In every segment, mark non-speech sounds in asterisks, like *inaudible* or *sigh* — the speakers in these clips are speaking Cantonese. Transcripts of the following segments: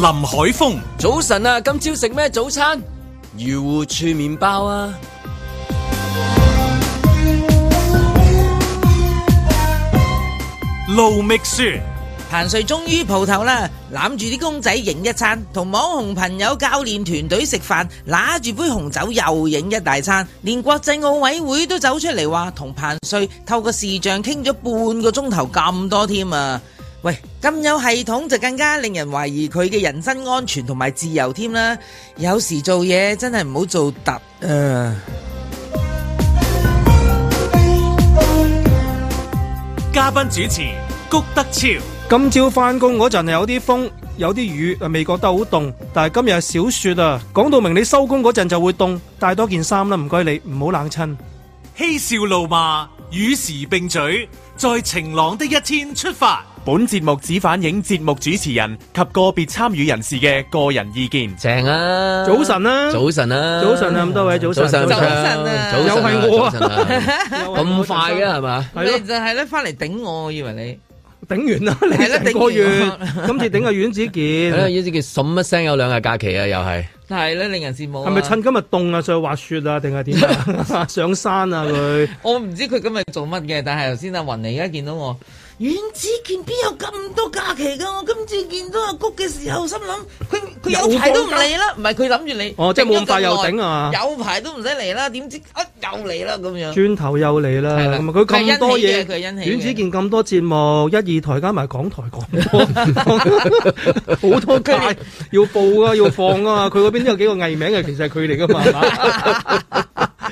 林海峰，早晨啊！今朝食咩早餐？魚糊脆麵包啊！盧覓雪，彭帥終於蒲頭啦，攬住啲公仔影一餐，同網紅朋友教練團隊食飯，拿住杯紅酒又影一大餐，連國際奧委會都走出嚟話同彭帥透過視像傾咗半個鐘頭咁多添啊！喂，咁有系統就更加令人懷疑佢嘅人身安全同埋自由添啦！有時做嘢真係唔好做突啊！呃、嘉賓主持谷德超，今朝返工嗰陣有啲風有啲雨，誒未覺得好凍，但係今日係小雪啊！講到明你收工嗰陣就會凍，帶多件衫啦！唔該你，唔好冷親。嬉笑怒罵與時並舉，在晴朗的一天出發。本節目只反映節目主持人及個別參與人士嘅個人意見。正啊！早晨啊，早晨啊，早晨啊，咁多位早晨，早晨啊！又係我啊！咁快嘅係嘛？就係咧，翻嚟頂我，我以為你頂完啦，係啦，頂個月，今次頂阿阮子健，阿阮子健乜聲有兩日假期啊？又係，係咧，令人羨慕。係咪趁今日凍啊，上去滑雪啊，定係點啊？上山啊佢？我唔知佢今日做乜嘅，但係頭先阿云嚟，而家見到我。阮子健邊有咁多假期㗎？我今次見到阿谷嘅時候，心諗佢佢有排都唔嚟啦，唔係佢諗住你哦，即係冇咁快又頂啊！有排都唔使嚟啦，點知又嚟啦咁樣，轉頭又嚟啦，係啊！佢咁多嘢，阮子健咁多節目，一二台加埋港台廣播，好多劇要報啊，要放啊！佢嗰邊都有幾個藝名嘅，其實係佢嚟㗎嘛。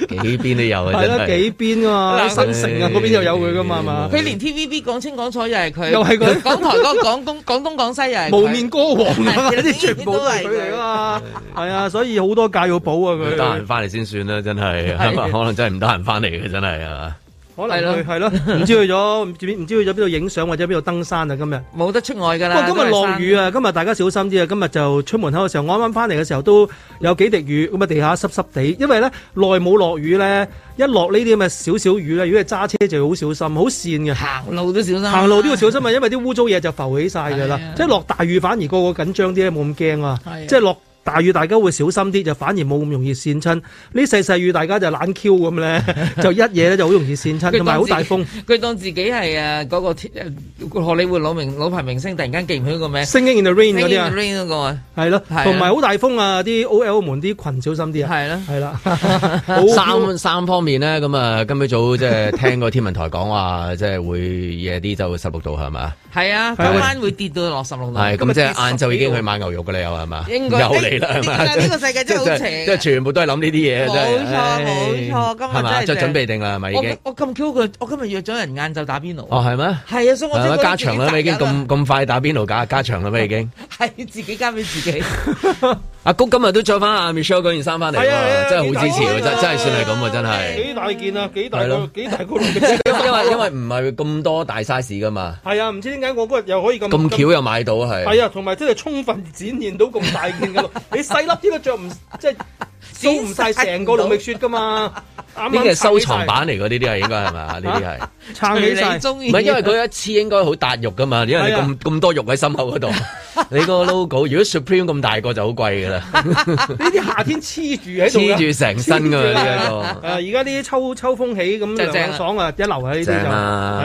幾邊都有啊，係咯，幾邊啊，嗱，新城啊，嗰邊又有佢噶嘛嘛，佢連 TVB 講清講楚又係佢，又係佢。港台哥，講東廣東廣西又係無面歌王啊，嗰啲全部都係佢嚟啊嘛，係啊，所以好多界要補啊佢，得閒翻嚟先算啦，真係，可能真係唔得閒翻嚟嘅，真係啊。可能去係咯，唔知去咗唔知去咗邊度影相或者邊度登山啊？今日冇得出外噶啦。不過、哦、今日落雨啊，是今日大家小心啲啊！今日就出門口嘅時候，我啱啱翻嚟嘅時候都有幾滴雨，咁啊地下濕濕地。因為咧，耐冇落雨咧，一落呢啲咁嘅少少雨咧，如果係揸車就好小心，好跣嘅。行路都小心、啊。行路都要小心啊， *laughs* 因為啲污糟嘢就浮起晒噶啦。即係落大雨反而個個緊張啲，冇咁驚啊。即係落。大雨大家會小心啲，就反而冇咁容易跣親。呢細細雨大家就懶 Q 咁咧，就一夜咧就好容易跣親。同埋好大風，佢當自己係啊嗰個荷里活老明老牌明星，突然間記唔起個名。Singing in the rain 嗰啲啊，係咯，同埋好大風啊，啲 OL 門啲裙小心啲啊。係啦，係啦，三三方面呢，咁啊，今日早即係聽個天文台講話，即係會夜啲就會十六度係嘛？係啊，今晚會跌到落十六度。係咁，即係晏晝已經去買牛肉嘅理由係嘛？應該呢個世界真係好邪，即係全部都係諗呢啲嘢。真係冇錯冇錯，今日真係就準備定啦，係咪已經？我咁 Q 佢，我今日約咗人晏晝打邊爐。哦，係咩？係啊，所以我加長啦，已經咁咁快打邊爐加加長啦，咩已經？係自己加俾自己。阿谷今日都着翻阿 Michelle 嗰件衫翻嚟啊，真係好支持，真真係算係咁啊，真係。幾大件啊？幾大？幾大個？因為因為唔係咁多大 size 噶嘛係啊，唔知點解我嗰日又可以咁咁巧又買到係。係啊，同埋真係充分展現到咁大件噶，你細粒啲都着唔即係。燒唔晒成個盧覓雪噶嘛？呢啲係收藏版嚟，嗰呢啲係應該係咪？呢啲係撐起晒，唔係因為佢一次應該好搭肉噶嘛？因為你咁咁多肉喺心口嗰度，你個 logo 如果 supreme 咁大個就好貴噶啦。呢啲夏天黐住喺度黐住成身噶啦。誒，而家呢啲秋秋風起咁涼爽啊，一流喺呢啲就係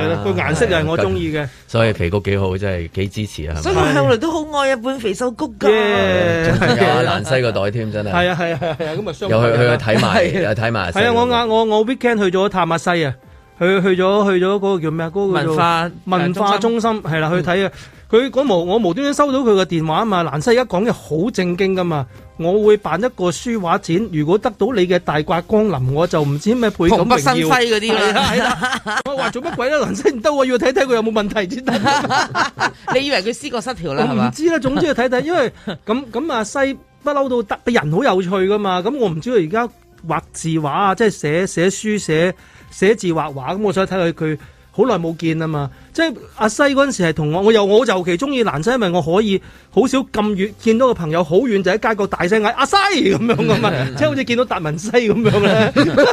啦。個顏色又係我中意嘅，所以皮谷幾好，真係幾支持啊！所以向來都好愛日本肥瘦谷噶，係啊，蘭西個袋添真係。係啊，係啊。又去去睇埋，又睇埋。係啊，我呃我我 weekend 去咗探阿西啊，去去咗去咗嗰個叫咩啊？嗰、嗰個文化文化中心係啦三，去睇啊。佢講無我無端端收到佢嘅電話啊嘛。蘭西而家講嘅好正經噶嘛，我會辦一個書畫展。如果得到你嘅大駕光臨，我就唔知咩倍咁重要。做乜新西嗰啲啦？我話做乜鬼啊？蘭西唔得，我要睇睇佢有冇問題先得。 *laughs* *laughs* 你以為佢思覺失調啦？我唔知啦。 *laughs* 總之要睇睇，因為咁咁阿西。不嬲到得，人好有趣噶嘛。咁我唔知佢而家畫字畫啊，即係寫寫書寫寫字畫畫。咁，嗯，我想睇下佢，好耐冇見啊嘛。即係阿西嗰陣時係同我，我又我尤其中意南西，因為我可以好少咁遠見到個朋友好遠就喺街角大聲嗌阿西咁樣噶嘛， *laughs* *laughs* 即係好似見到達文西咁樣咧。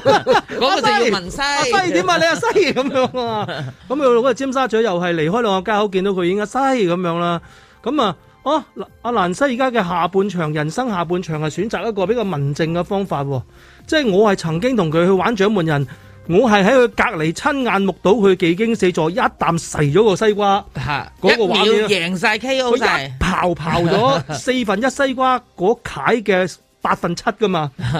阿西，達文西，西，點啊？你阿西咁樣啊？咁啊，嗰個尖沙咀又係離開兩個街口見到佢已經西咁 *laughs* 樣啦。咁啊。啊！阿蘭西而家嘅下半場，人生下半場係選擇一個比較文靜嘅方法，哦，即係我係曾經同佢去玩掌門人，我係喺佢隔籬親眼目睹佢技驚四座，一啖食咗個西瓜，嗰、啊、個畫面，一秒贏晒 K O，佢一刨刨咗四分一西瓜嗰塊嘅八分七噶嘛，好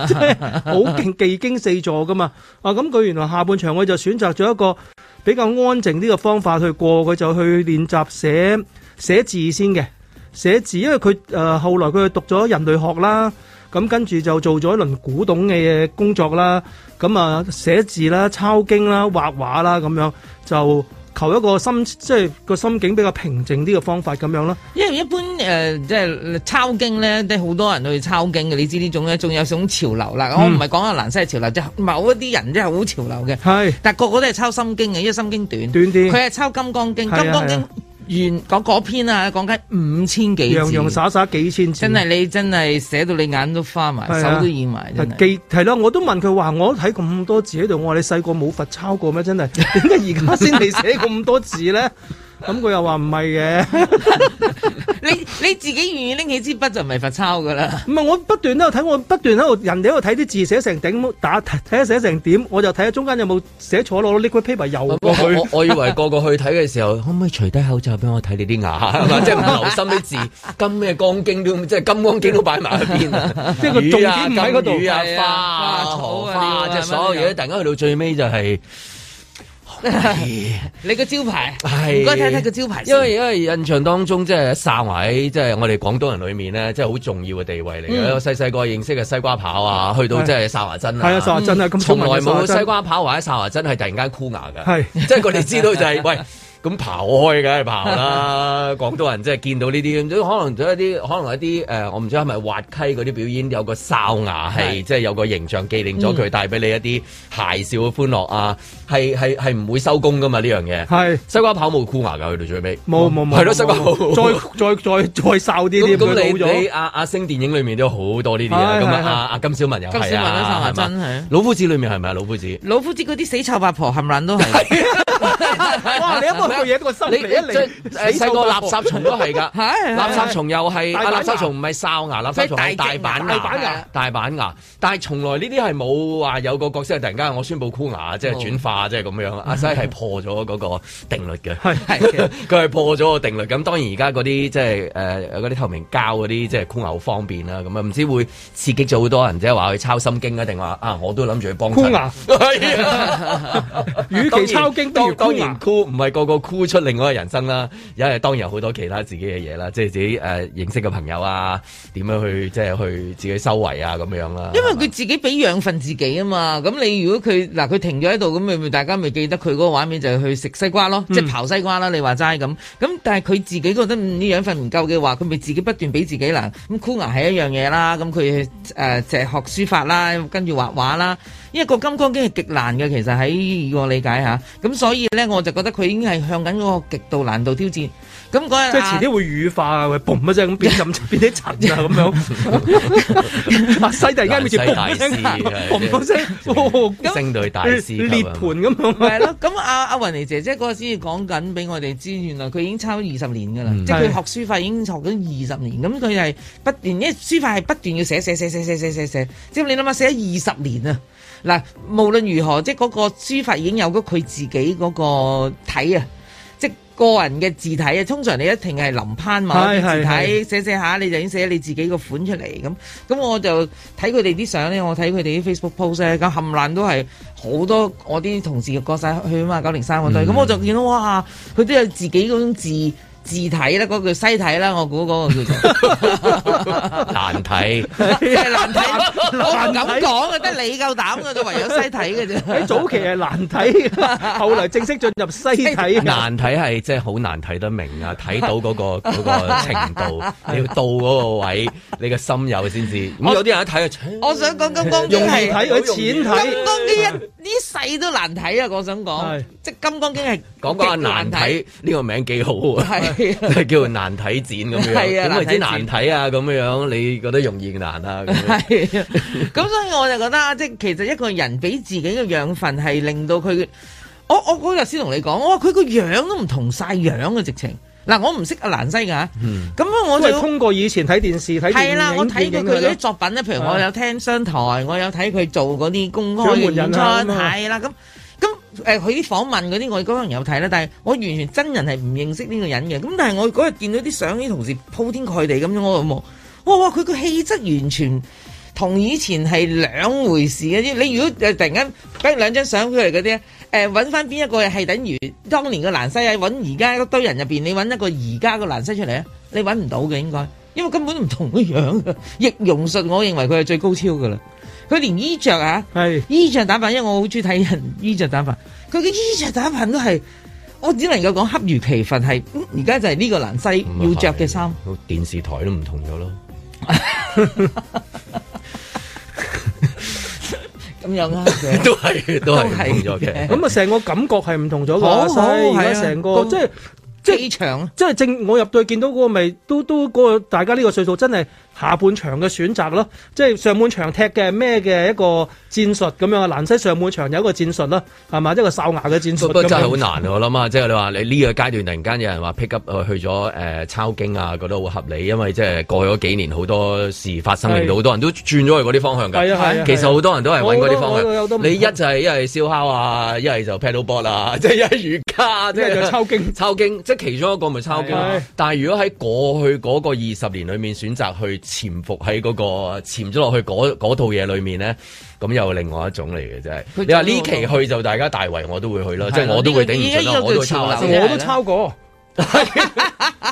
勁，技驚四座噶嘛。啊，咁佢原來下半場佢就選擇咗一個比較安靜啲嘅方法去過，佢就去練習寫寫字先嘅。寫字，因為佢誒後來佢讀咗人類學啦，咁跟住就做咗一輪古董嘅工作啦，咁啊寫字啦、抄經啦、畫畫啦咁樣，就求一個心即係個心境比較平靜啲嘅方法咁樣咯。因為一般誒即係抄經咧，都好多人去抄經嘅。你知呢種咧，仲有種潮流啦。我唔係講阿蘭西潮流，即係某一啲人真係好潮流嘅。係。但個個都係抄心經嘅，因為心經短。短啲。佢係抄《金剛經》，金剛經。原嗰篇啊，講緊五千幾字，洋洋灑灑幾千字，真係你真係寫到你眼都花埋，啊、手都厭埋。記係咯、啊，我都問佢話，我睇咁多字喺度，我話你細個冇罰抄過咩？真係，點解而家先嚟寫咁多字咧？ *laughs* *laughs* 咁佢又話唔係嘅，你你自己願意拎起支筆就唔係罰抄噶啦。唔係，我不斷喺度睇，我不斷喺度，人哋喺度睇啲字寫成頂打，睇下寫成點，我就睇下中間有冇寫錯咯。呢塊 paper 又。我我我以為個個去睇嘅時候，可唔可以除低口罩俾我睇呢啲牙，即係唔留心啲字，金咩光經都即係金剛經都擺埋喺邊啊，即係個重點唔喺嗰度啊，花啊草啊，即係所有嘢，突然間去到最尾就係。 *laughs* 你個招牌，唔該是，睇睇個招牌。因為因為印象當中，即、就、係、是、哨牙喺即係我哋廣東人裏面咧，即係好重要嘅地位嚟嘅。嗯、我細細個認識嘅西瓜刨啊，嗯、去到即係是哨牙珍係啊、嗯，哨牙珍啊，咁，從來冇西瓜刨或者哨牙珍係突然間箍牙嘅，係即係佢哋知道就係、是、 *laughs* 喂。咁刨開梗係刨啦！廣東人即係見到呢啲，都可能有一啲，可能一啲誒，我唔知係咪滑稽嗰啲表演，有個哨牙係即係有個形象記，令咗佢帶俾你一啲諧笑嘅歡樂啊！係係係唔會收工噶嘛呢樣嘢。係西瓜跑冇箍牙㗎，佢哋最尾冇冇冇，係咯西瓜跑。再再再再哨啲咁，你你阿阿星電影裏面都好多呢啲嘅。咁啊阿阿金小文又係啊，真係老夫子裏面係咪啊？老夫子老夫子嗰啲死臭八婆冚卵都係。哇！你一個句嘢都個心嚟，一嚟細個垃圾蟲都係噶，垃圾蟲又係垃圾蟲唔係哨牙垃圾蟲，大板牙大板牙，但係從來呢啲係冇話有個角色突然間我宣布箍牙，即係轉化，即係咁樣啊，所以係破咗嗰個定律嘅，佢係破咗個定律。咁當然而家嗰啲即係誒嗰啲透明膠嗰啲即係箍牙好方便啦。咁啊唔知會刺激咗好多人，即係話去抄心經啊，定話啊我都諗住去幫襯箍牙。與其抄經，不如箍箍唔係個個箍出另外嘅人生啦，因為當然有好多其他自己嘅嘢啦，即係自己誒、呃、認識嘅朋友啊，點樣去即係去自己修為啊咁樣啦。因為佢自己俾養分自己啊嘛，咁、嗯、你如果佢嗱佢停咗喺度，咁咪大家咪記得佢嗰個畫面就係去食西瓜咯，嗯、即係刨西瓜啦，你話齋咁。咁但係佢自己覺得呢養分唔夠嘅話，佢咪自己不斷俾自己啦，咁箍牙係一樣嘢啦，咁佢誒即係學書法啦，跟住畫畫啦。因為個金剛經係極難嘅，其實喺我理解下。咁、嗯嗯、所以咧我就覺得佢已經係向緊嗰個極度難度挑戰。咁嗰日即係遲啲會羽化啊！佢嘣一聲咁變咁變啲塵啊咁樣，哇！西大師，西大師，嘣嗰聲，金對大師，裂盤咁。係咯，咁阿阿雲妮姐姐嗰日先至講緊俾我哋知，原來佢已經差咗二十年㗎啦，即係佢學書法已經學緊二十年，咁佢係不斷，因為書法係不斷要寫寫，寫寫寫寫寫寫寫寫，即係你諗下寫咗二十年啊！嗱，無論如何，即係嗰個書法已經有咗佢自己嗰個體啊，即係個人嘅字體啊。通常你一定係臨攤嘛，字體寫寫下你就已經寫你自己個款出嚟咁。咁我就睇佢哋啲相咧，我睇佢哋啲 Facebook post 咧，咁冚爛都係好多我啲同事過晒去啊嘛，九零三嗰堆。咁、嗯、我就見到哇，佢都有自己嗰種字。字體咧，嗰、那個叫西體啦，我估嗰個叫難睇，難睇，我難咁講啊，得 *laughs* 你夠膽啊，就唯有西體嘅啫。喺 *laughs* 早期係難睇，後嚟正式進入西體。難睇係即係好難睇得明啊，睇到嗰、那個 *laughs* 個程度，你要到嗰個位，你嘅心有先知。咁 *laughs* 有啲人一睇啊，我想講《 *laughs* 金剛經》係睇佢淺睇，《金剛經》呢呢世都難睇啊！我想講，即係《金剛經》係講，講係難睇，呢個名幾好啊。 *laughs* 係 *laughs* 叫做難睇展咁樣，咁或者難睇啊咁樣樣，你覺得容易難啊？係的，咁 *laughs* 所以我就覺得，即係其實一個人俾自己嘅養分，係令到佢，我我嗰日先同你講，我佢個樣都唔同晒樣嘅直情。嗱，我唔識阿蘭西㗎，咁、嗯、我就通過以前睇電視睇係啦，我睇過佢啲作品咧，譬的如我有聽商台，我有睇佢做嗰啲公開演出，係啦咁。咁誒，佢啲、呃、訪問嗰啲，我嗰陣有睇啦。但係我完全真人係唔認識呢個人嘅。咁但係我嗰日見到啲相，啲同事鋪天蓋地咁樣我望，哇哇！佢個氣質完全同以前係兩回事嘅。啲你如果突然間擺兩張相出嚟嗰啲咧，誒，揾翻邊一個係等於當年個蘭西啊？揾而家一堆人入邊，你揾一個而家個蘭西出嚟咧，你揾唔到嘅應該，因為根本唔同嘅樣。易容術，我認為佢係最高超㗎啦。佢連衣着啊，是衣着打扮，因為我好中意睇人衣着打扮。佢嘅衣着打扮都係，我只能夠講恰如其分。係，而家就係呢個男仔要着嘅衫。電視台都唔同咗咯，咁 *laughs* *laughs* 樣啦，都係 *laughs* 都係唔同咗嘅。咁啊，成個感覺係唔同咗嘅。好，係啊是，成個、那個、即係即係場，即係正，正。我入到去見到嗰、那個，咪都都個大家呢個歲數真係。真下半場嘅選擇咯，即係上半場踢嘅咩嘅一個戰術咁樣啊，蘭西上半場有一個戰術啦，係嘛，一個哨牙嘅戰術，不過真係好難，我諗啊，即係你話你呢個階段突然間有人話 pick up 去咗誒抄經啊，覺得好合理，因為即係過去幾年，好多事發生令到好多人都轉咗去嗰啲方向㗎。係啊係啊，其實好多人都係揾嗰啲方向。你一就係一係燒烤啊，一係就 paddle board 啊，即係一係瑜伽，即係就抄經。抄經即係其中一個咪抄經。但係如果喺過去嗰個二十年裏面選擇去。潛伏喺嗰個潛咗落去嗰套嘢裏面咧，咁又另外一種嚟嘅真係。你話呢期去就大家大圍我都會去啦，即係我都會頂唔順啦，我都抄我都抄過。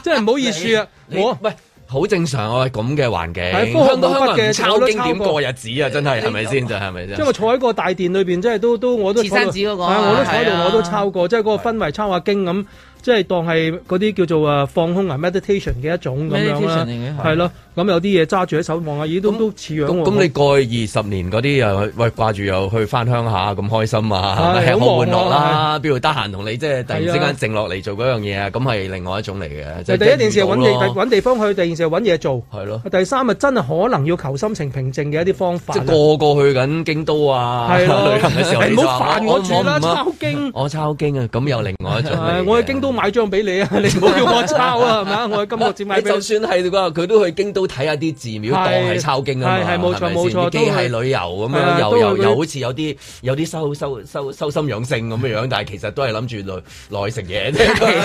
即係唔好意思啊，我唔好正常啊，咁嘅環境。香港人抄經點過日子啊，真係係咪先？就係咪即係我坐喺個大殿裏邊，即係都都我都。慈山寺嗰個。係啊，我都坐喺度，我都抄過，即係嗰個氛圍抄吓經咁。即係當係嗰啲叫做誒放空啊，meditation 嘅一種咁樣啦，係咯。咁有啲嘢揸住隻手望下，咦都都似樣喎。咁你過去二十年嗰啲又喂掛住又去翻鄉下咁開心啊，吃好瞞樂啦。邊度得閒同你即係突然之間靜落嚟做嗰樣嘢啊？咁係另外一種嚟嘅。就第一件事係揾地方去，第二件事係揾嘢做，係咯。第三咪真係可能要求心情平靜嘅一啲方法。即係個個去緊京都啊，係咯。旅行嘅時候，你唔好煩我住啦，抄經。我抄經啊，咁有另外一種。我去京都。買張俾你啊！你唔好叫我抄啊，係咪我今個節目就算係佢都去京都睇下啲寺廟，代係抄經㗎嘛。係冇錯冇錯，都係旅遊咁樣，又又又好似有啲有啲收收收收心養性咁嘅樣，但係其實都係諗住耐食嘢，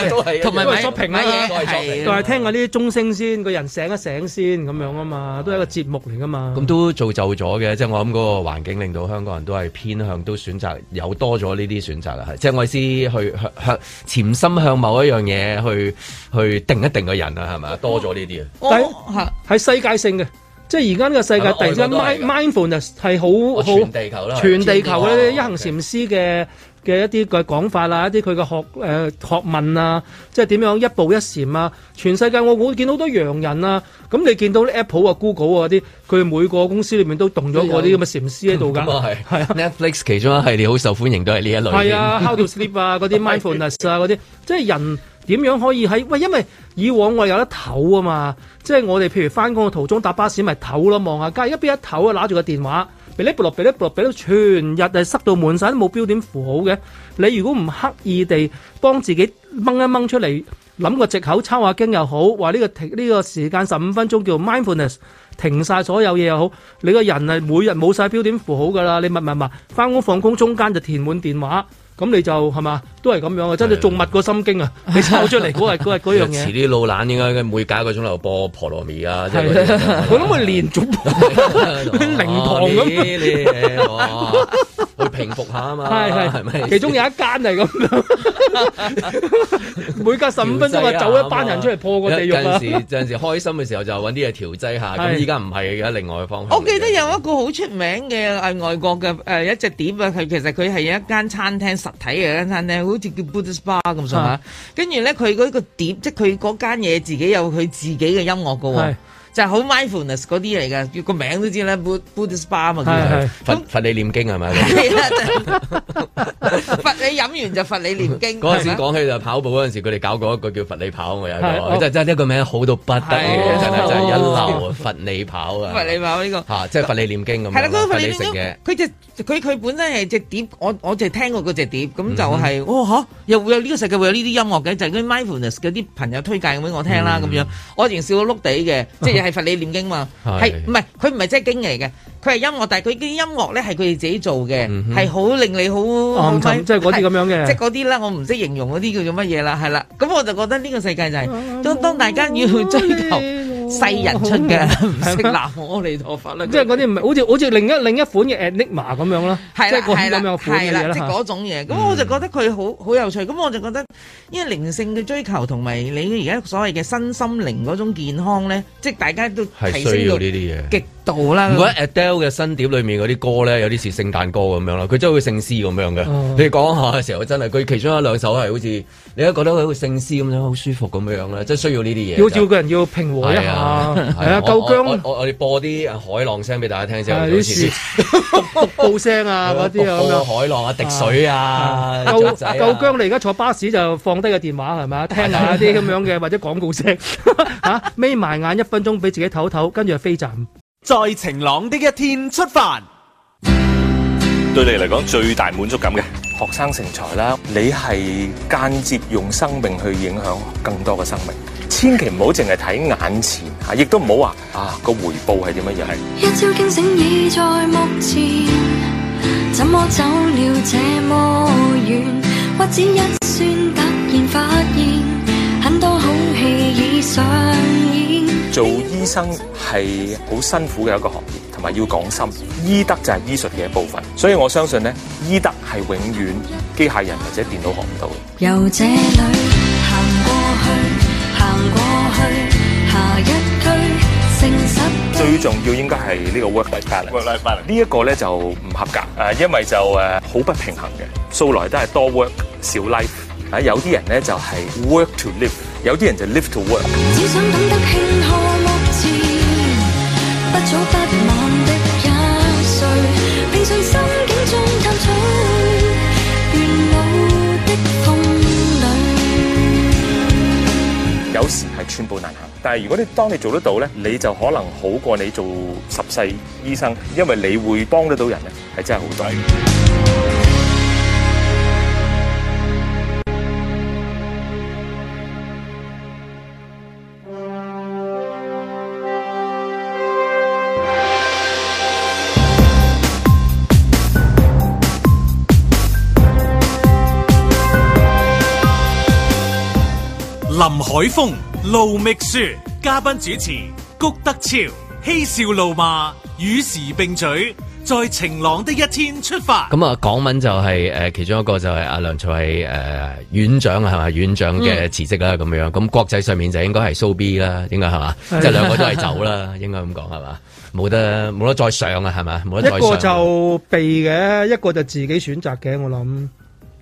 都係同埋 shopping 嘢，同埋聽下呢啲鐘聲先，個人醒一醒先咁樣啊嘛，都係一個節目嚟㗎嘛。咁都造就咗嘅，即係我諗嗰個環境令到香港人都係偏向都選擇有多咗呢啲選擇啦，即係我意思，去向向潛心向，有某一樣嘢去去定一定嘅人啊，係咪啊？多咗呢啲啊，但係係世界性嘅，即係而家呢個世界突然間 mind mindfulness 係好好地球啦，全地球咧一行禪師嘅。哦 okay. 嘅一啲嘅講法啦，一啲佢嘅學誒、呃、學問啊，即係點樣一步一禪啊？全世界我會見好多洋人啊，咁、嗯、你見到 Apple 啊、Google 啊啲，佢每個公司裏面都動咗嗰啲咁嘅禪師喺度㗎。係啊，Netflix 其中一系列好受歡迎都係呢一類。係啊 *laughs* ，How to Sleep 啊，嗰啲 Mindfulness 啊，嗰啲 *laughs* 即係人點樣可以喺喂？因為以往我有得唞啊嘛，即係我哋譬如翻工嘅途中搭巴士咪唞咯，望下街一邊一唞啊，攞住個電話。你落筆，你落筆都全日係塞到滿晒，都冇標點符號嘅。你如果唔刻意地幫自己掹一掹出嚟，諗個藉口抄下經又好，話呢、這個呢、這個時間十五分鐘叫 mindfulness，停晒所有嘢又好。你個人係每日冇晒標點符號噶啦，你密密唔，翻工、放工中間就填滿電話。咁你就係嘛，都係咁樣嘅，的真係仲物個心經啊！你抄出嚟嗰日嗰日嗰樣嘢，遲啲老懶應該每隔一個鐘頭播婆羅蜜啊！即係我諗佢連續靈堂咁。 *laughs* 會平復下啊嘛，係係是，係係其中有一間係咁，每隔十五分鐘啊，走一班人出嚟破個地獄啊！有陣時，有陣時開心嘅時候就揾啲嘢調劑下。咁依家唔係嘅，一另外嘅方法。我記得有一個好出名嘅係外國嘅誒、呃、一隻碟啊，係其實佢係一間餐廳實體嘅一間餐廳，好似叫 Buddha Bar 咁上下。啊、跟住咧，佢嗰個碟即係佢嗰間嘢自己有佢自己嘅音樂嘅喎。就係好 mindfulness 嗰啲嚟嘅，叫個名都知啦。Buddhist Spa 啊，佛佛你念經係咪？佛你飲完就佛你念經。嗰陣時講起就跑步嗰陣時，佢哋搞過一個叫佛你跑嘅嘢喎。真真一個名好到不得嘅，真係真係一流佛你跑啊！佛你跑呢個嚇，即係佛你念經咁。係啦，嗰佛你唸經，佢只佢佢本身係隻碟，我我淨係聽過嗰隻碟，咁就係哇又會有呢個世界，會有呢啲音樂嘅，就係啲 mindfulness 嗰啲朋友推介俾我聽啦咁樣，我連笑到碌地嘅，即係。係佛理念經嘛？係唔係？佢唔係即係經嚟嘅，佢係音樂，但係佢啲音樂咧係佢哋自己做嘅，係好、嗯、哼令你好唔係，即係嗰啲咁樣嘅，即係嗰啲啦。我唔識形容嗰啲叫做乜嘢啦，係啦。咁我就覺得呢個世界就係、是啊、當、啊、當大家要去追求。啊世人出嘅唔識南無阿彌陀佛啦，即係嗰啲唔係好似好似另一另一款嘅 Enigma 咁樣咯，的即係嗰啲咁樣款嘅啦。即係嗰種嘢，咁、嗯、我就覺得佢好好有趣。咁我就覺得，因為靈性嘅追求同埋你而家所謂嘅身心靈嗰種健康咧，即係大家都係需要。唔好啦。唔怪阿 Adele 嘅新碟裏面嗰啲歌咧，有啲似聖誕歌咁樣啦。佢真係好似聖詩咁樣嘅。你講下嘅時候，真係佢其中一兩首係好似你而家覺得好似聖詩咁樣，好舒服咁樣樣咧，即係需要呢啲嘢。要照顧人，要平和一下。係啊，夠薑。我哋播啲海浪聲俾大家聽先。啲瀑布聲啊，嗰啲啊海浪啊，滴水啊。夠夠薑，你而家坐巴士就放低個電話係咪啊？聽下啲咁樣嘅或者廣告聲吓，眯埋眼一分鐘俾自己唞唞，跟住就飛站。在晴朗的一天出發，對你嚟講最大滿足感嘅學生成才啦，你係間接用生命去影響更多嘅生命，千祈唔好淨係睇眼前啊，亦都唔好話啊個回報係點樣樣係。一朝驚醒已在目前，怎麼走了這麼遠？屈指一算，突然發現很多好戲已上演。做醫生係好辛苦嘅一個行業，同埋要講心，醫德就係醫術嘅一部分。所以我相信咧，醫德係永遠機械人或者電腦學唔到嘅。由這裏行過去，行過去，下一句。最重要應該係呢個 work life balance 呢一個咧就唔合格，誒，因為就誒好不平衡嘅，素來都係多 work 少 life。啊，有啲人咧就係 work to live，有啲人就 live to work。只想想得不早不晚的一歲，你常心境中探取，元老的痛侶。有時係寸步難行，但係如果你當你做得到咧，你就可能好過你做十世醫生，因為你會幫得到人咧，係真係好抵。對。海風露蜜雪嘉賓主持谷德昭嬉笑怒罵與時並舉，在晴朗的一天出發。咁啊、呃，港聞就係、是、誒、呃，其中一個就係阿梁翠誒，院長係咪院長嘅辭職啦，咁、嗯、樣咁國際上面就應該係蘇 B 啦，應該係嘛，即係是的 兩個都係走啦， *laughs* 應該咁講係嘛，冇得冇得再上啊，係咪？冇得再上。再上一個就避嘅，一個就自己選擇嘅，我諗。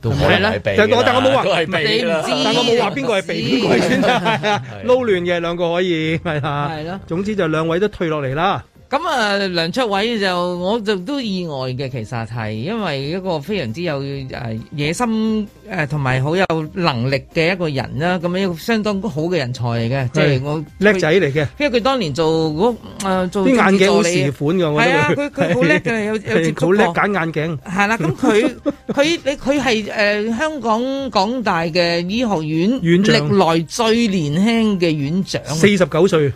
係啦，就我但我冇話，係你唔知，但我冇話邊個係肥邊個係先啊，撈亂嘅兩個可以係啦，係咯，的總之就兩位都退落嚟啦。咁啊，梁卓偉就我就都意外嘅，其實係因為一個非常之有誒野心誒同埋好有能力嘅一個人啦，咁樣一個相當好嘅人才嚟嘅，即係我叻仔嚟嘅。因為佢當年做做啲眼鏡護視款嘅，係啊，佢佢好叻嘅，有有接觸過，好叻揀眼鏡。係啦，咁佢佢你佢係誒香港廣大嘅醫學院院長，歷來最年輕嘅院長，四十九歲。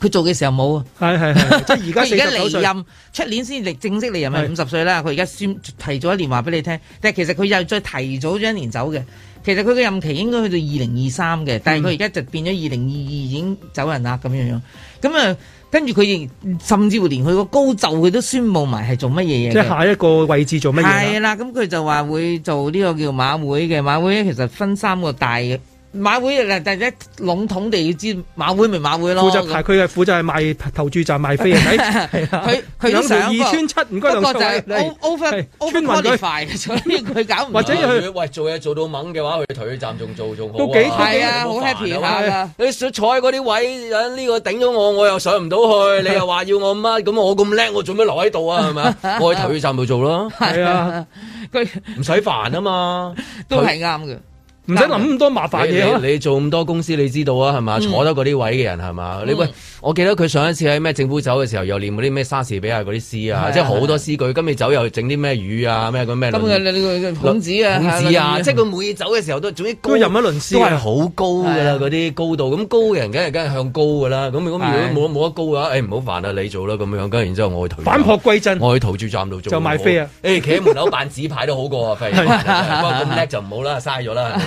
佢做嘅時候冇，係係係，即係而家而家離任，出 *laughs* 年先正式離任咪五十歲啦。佢而家宣提早一年話俾你聽，但係其實佢又再提早咗一年走嘅。其實佢嘅任期應該去到二零二三嘅，但係佢而家就變咗二零二二已經走人啦咁樣樣。咁啊，跟住佢甚至乎連佢個高就佢都宣佈埋係做乜嘢嘢。即係下一個位置做乜嘢？係啦，咁佢就話會做呢個叫馬會嘅馬會咧，其實分三個大嘅。馬會嗱，第一籠統地要知馬會咪馬會咯。負責排佢嘅苦就係賣投注站賣飛啊！佢佢想二千七唔該兩兄弟。不過就係 over over over，村快，所以佢搞唔到。或者佢喂做嘢做到猛嘅話，去投注站仲做仲好啊。係啊，好 happy 下噶。你坐喺嗰啲位，呢個頂咗我，我又上唔到去，你又話要我乜咁？我咁叻，我做咩留喺度啊？係咪我去投注站度做咯。係啊，佢唔使煩啊嘛，都係啱嘅。唔使諗咁多麻煩嘢，你做咁多公司，你知道啊，係嘛坐得嗰啲位嘅人，係嘛？你喂，我記得佢上一次喺咩政府走嘅時候，又念嗰啲咩莎士比亞嗰啲詩啊，即係好多詩句。今日走又整啲咩魚啊？咩嗰咩？今日孔子啊，孔子啊，即係佢每走嘅時候都，總之都吟一輪詩，都係好高噶啦嗰啲高度。咁高嘅人，梗係梗係向高噶啦。咁咁如果冇冇得高嘅話，誒唔好煩啊，你做啦咁樣，跟住然之後我去退。返璞歸真，我去投注站度做。就買飛啊！誒，企喺門口扮紙牌都好過啊，費！不過咁叻就唔好啦，嘥咗啦。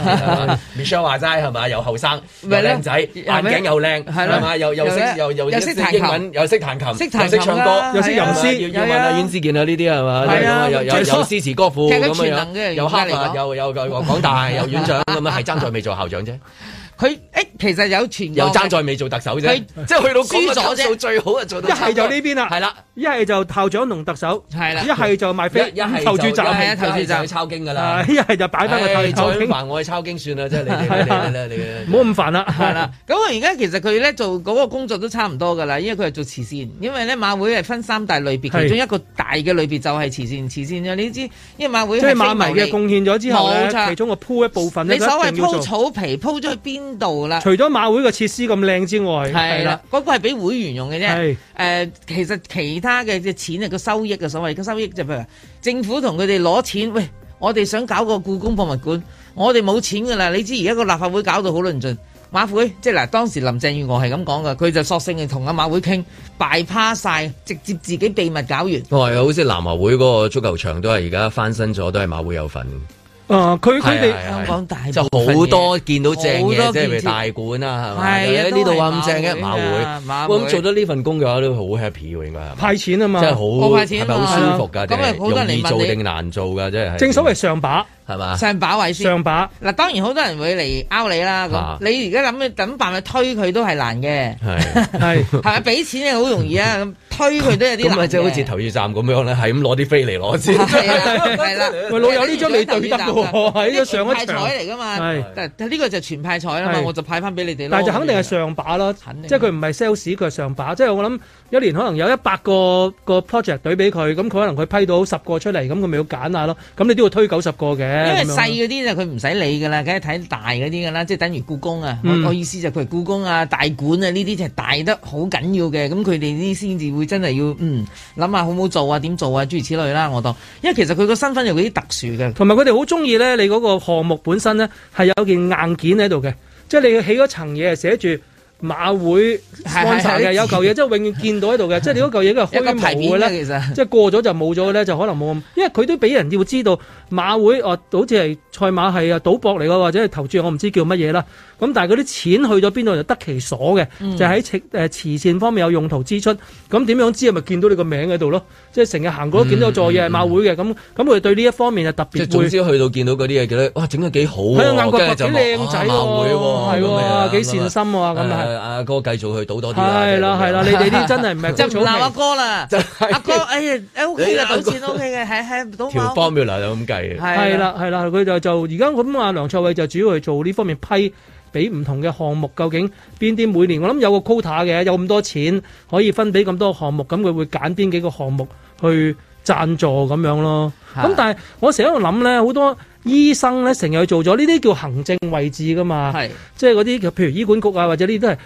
Michelle 話齋係嘛？又後生，又靚仔，眼鏡又靚，係嘛？又又識又又識英文，又識彈琴，又識唱歌，又識吟詩。要要問下袁思健啊，呢啲係嘛？係啊，又有有詩詞歌賦咁樣，有哈佛，又有港大，有院長咁樣，係爭在未做校長啫。佢誒其實有前，又爭在未做特首啫，即係去到官左手最好啊，做到一係就呢邊啦，係啦，一係就頭長龍特首，係啦，一係就賣飛，一係就投注站，投注站去抄經噶啦，一係就擺翻個頭，再煩我去抄經算啦，即係你你唔好咁煩啦，係啦。咁我而家其實佢咧做嗰個工作都差唔多噶啦，因為佢係做慈善，因為咧馬會係分三大類別，其中一個大嘅類別就係慈善，慈善啫，你知，因為馬會即係馬迷嘅貢獻咗之後，其中個鋪一部分，你所謂鋪草皮鋪咗去邊？度啦，除咗馬會個設施咁靚之外，係啦的，嗰的個係俾會員用嘅啫。誒的、呃，其實其他嘅嘅錢係個收益嘅所謂個收益，收益就譬如政府同佢哋攞錢，喂，我哋想搞個故宮博物館，我哋冇錢噶啦。你知而家個立法會搞到好論盡，馬會即係嗱，當時林鄭月娥係咁講噶，佢就索性係同阿馬會傾，敗趴晒，直接自己秘密搞完。係，好似南華會嗰個足球場都係而家翻新咗，都係馬會有份。啊！佢佢哋香港大就好多見到正嘢，即係大館啊，係咪？啊，呢度話咁正嘅馬會，咁做咗呢份工嘅話都好 happy 喎，應該派錢啊嘛！真係好，派錢係咪好舒服噶？咁啊，容易做定難做噶？即係正所謂上把。係嘛？上把位先，上把嗱，當然好多人會嚟拗你啦。咁你而家諗嘅諗辦法推佢都係難嘅，係係係咪？俾錢係好容易啊，推佢都有啲難。即好似投注站咁樣咧，係咁攞啲飛嚟攞先，係啦。喂，老友呢張你對得喎，喺個上一派彩嚟噶嘛？但呢個就全派彩啦嘛，我就派翻俾你哋咯。但就肯定係上把咯，即係佢唔係 sales，佢係上把。即係我諗，一年可能有一百個個 project 懟俾佢，咁佢可能佢批到十個出嚟，咁佢咪要揀下咯。咁你都要推九十個嘅。因為細嗰啲就佢唔使理噶啦，梗係睇大嗰啲噶啦，即係等於故宮啊。嗯、我意思就佢係故宮啊、大館啊呢啲，就係大得好緊要嘅。咁佢哋呢啲先至會真係要嗯諗下好唔好做啊，點做啊，諸如此類啦。我當，因為其實佢個身份有啲特殊嘅，同埋佢哋好中意咧。你嗰個項目本身咧係有件硬件喺度嘅，即係你要起嗰層嘢係寫住。馬會安晒嘅，是是是是有嚿嘢，即係永遠見到喺度嘅， *laughs* 即係你嗰嚿嘢都係虛無嘅咧。其實即係過咗就冇咗咧，就可能冇咁。因為佢都俾人要知道馬會哦，好似係賽馬係啊，賭博嚟噶，或者係投注，我唔知叫乜嘢啦。咁但係嗰啲錢去咗邊度就得其所嘅，嗯、就喺誒慈善方面有用途支出。咁點樣知啊？咪見到你個名喺度咯。即係成日行過都見到座嘢係馬會嘅。咁咁佢哋對呢一方面啊特別。即係總之去到見到嗰啲嘢，覺得哇，整得幾好，啊，跟住就靚仔喎，係喎，幾善心啊咁呀阿哥繼續去賭多啲啦，係啦係啦，啊啊、你哋啲真係唔係真唔鬧阿哥啦。阿、就是啊、哥，哎呀，O K 嘅，賭錢 O K 嘅，喺喺唔到。條 formula 嚟，就咁計。係啦係啦，佢、啊啊啊、就就而家我諗阿梁卓偉就主要係做呢方面批俾唔同嘅項目，究竟邊啲每年我諗有個 quota 嘅，有咁多錢可以分俾咁多項目，咁佢會揀邊幾個項目去。贊助咁樣咯，咁的但係我成日喺度諗咧，好多醫生咧成日去做咗呢啲叫行政位置噶嘛，的即係嗰啲譬如醫管局啊，或者呢啲都係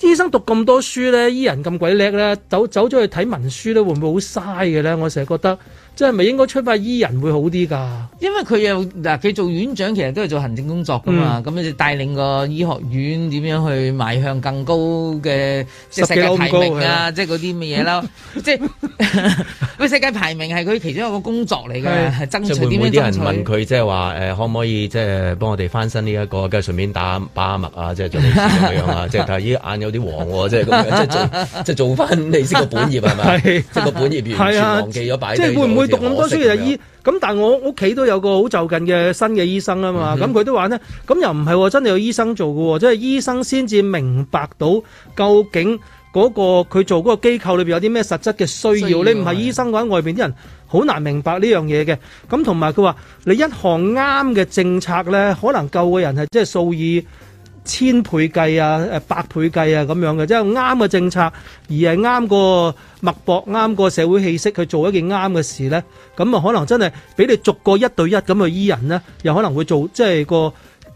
醫生讀咁多書咧，醫人咁鬼叻咧，走走咗去睇文書咧，會唔會好嘥嘅咧？我成日覺得。即係咪應該出發醫人會好啲噶？因為佢又嗱，佢做院長其實都係做行政工作噶嘛。咁你就帶領個醫學院點樣去邁向更高嘅世界排名啊！即係嗰啲乜嘢啦，即係喂世界排名係佢其中一個工作嚟嘅，係爭取點樣爭取？會唔會啲人問佢即係話誒，可唔可以即係幫我哋翻身呢一個？跟住順便打把下脈啊，即係做啲咁樣啊？即係睇依眼有啲黃喎，即係咁嘅，即係做即係做翻你識個本業係嘛？即係個本業完全忘記咗擺地。佢讀咁多書其實醫咁，但係我屋企都有個好就近嘅新嘅醫生啊嘛，咁佢、嗯、哼都話呢，咁又唔係、哦、真係有醫生做嘅、哦，即、就、係、是、醫生先至明白到究竟嗰、那、佢、個、做嗰個機構裏邊有啲咩實質嘅需要。需要你唔係醫生嘅話，的外邊啲人好難明白呢樣嘢嘅。咁同埋佢話，你一項啱嘅政策呢，可能救嘅人係即係數以，千倍計啊，誒百倍計啊，咁樣嘅，即係啱嘅政策，而係啱個脈搏，啱個社會氣息，去做一件啱嘅事咧，咁啊，可能真係俾你逐個一對一咁去醫人咧，又可能會做即係個。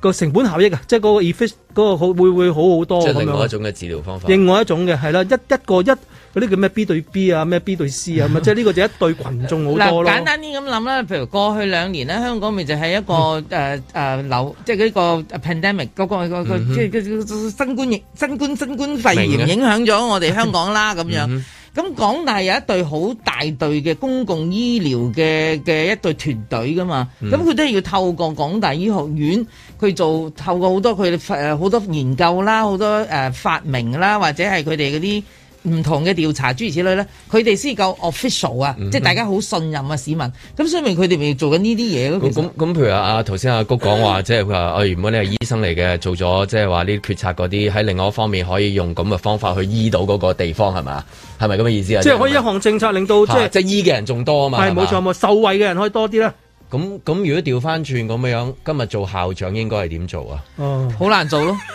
個成本效益啊，即係嗰個 effect，嗰個好會會好好多即係另外一種嘅治療方法。另外一種嘅係啦，一一個一嗰啲叫咩 B 對 B 啊，咩 B 對 C 啊，咁、嗯、哼即係呢個就一對群眾好多咯。簡單啲咁諗啦，譬如過去兩年呢，香港咪就係一個誒誒、嗯哼呃、流，即係呢個 pandemic 嗰、那個即係、嗯、哼新冠新冠新冠、新冠肺炎影響咗我哋香港啦咁樣。咁港、嗯、哼大有一隊好大隊嘅公共醫療嘅嘅一隊團隊噶嘛，咁佢、嗯嗯、都係要透過港大醫學院。佢做透過好多佢哋誒好多研究啦，好多誒發明啦，或者係佢哋嗰啲唔同嘅調查諸如此類咧，佢哋先夠 official 啊、嗯哼，即係大家好信任啊市民說啊、嗯哼。咁所以明佢哋咪做緊呢啲嘢，咁咁，譬如啊，頭先阿谷講話，即係佢話，我、哎、原本你係醫生嚟嘅，做咗即係話呢啲決策嗰啲，喺另外一方面可以用咁嘅方法去醫到嗰個地方係咪？係咪咁嘅意思啊？即係可以一項政策令到、啊、即係即係醫嘅人仲多啊嘛？係冇錯，冇受惠嘅人可以多啲啦。咁咁，如果掉返轉咁樣，今日做校長應該係點做啊？哦，好難做咯。 *laughs*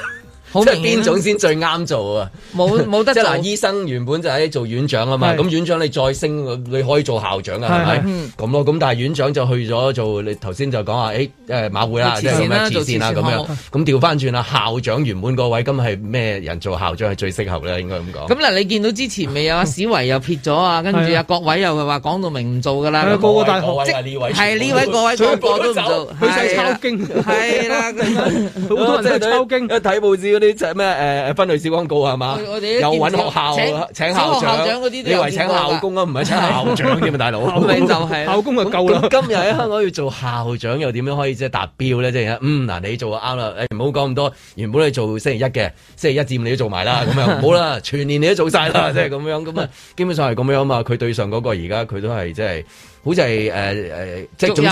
好係，邊種先最啱做啊？冇，冇得即係嗱，醫生原本就喺做院長啊嘛。咁院長你再升，你可以做校長啊，係咪？咁咯，咁但係院長就去咗做。你頭先就講話，誒，馬會啦，即係咁樣慈善啦，咁樣咁調翻轉啦。校長原本個位，今日係咩人做校長係最適合咧？應該咁講。咁嗱，你見到之前未有阿史維又撇咗啊，跟住啊，各位又話講到明唔做噶啦。個個大學即係呢位係呢位各位，個都唔做，佢晒抄經，係啦，好多人都抄經，睇報紙。呢就咩誒分類小廣告係嘛？又揾們學校請，請校長，校長你以為請校工啊？唔係請校長添啊，大佬。 *laughs* 校名就係、是、 *laughs* 校工就夠啦。今日喺香港要做校長，又點樣可以即係達標咧？即係嗯嗱，你做啊，啱、欸、啦，唔好講咁多。原本你做星期一嘅，星期一至五你都做埋啦，咁樣好啦，全年你都做晒啦，即係咁樣咁啊，基本上係咁樣啊嘛。佢對上嗰個而家佢都係即係。好似係誒誒，即係、啊、總之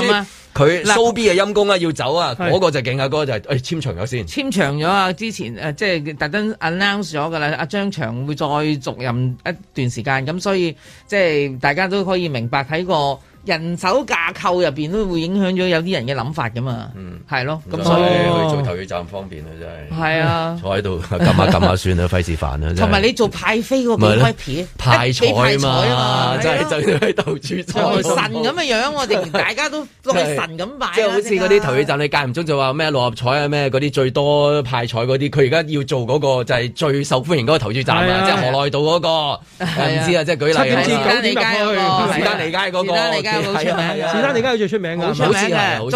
佢蘇、so 呃、B 啊陰功啊要走啊，嗰是個就勁啊，嗰、那、哥、個就是，就係誒簽長咗先，簽長咗啊！之前誒、呃、即係特登 announce 咗噶啦，阿張長會再續任一段時間，咁所以即係大家都可以明白喺個。人手架構入邊都會影響咗有啲人嘅諗法㗎嘛，係咯，咁所以去做投注站方便啦，真係。係啊，坐喺度撳下撳下算啦，費事煩啦。同埋你做派飛個幾開片派彩嘛，真係就喺度注彩神咁嘅樣，我哋大家都落神咁買。即係好似嗰啲投注站，你間唔中就話咩六合彩啊咩嗰啲最多派彩嗰啲，佢而家要做嗰個就係最受歡迎嗰個投注站啊，即係河內道嗰個，唔知啊，即係舉例街、街、士最出名，史丹利家最出名噶，做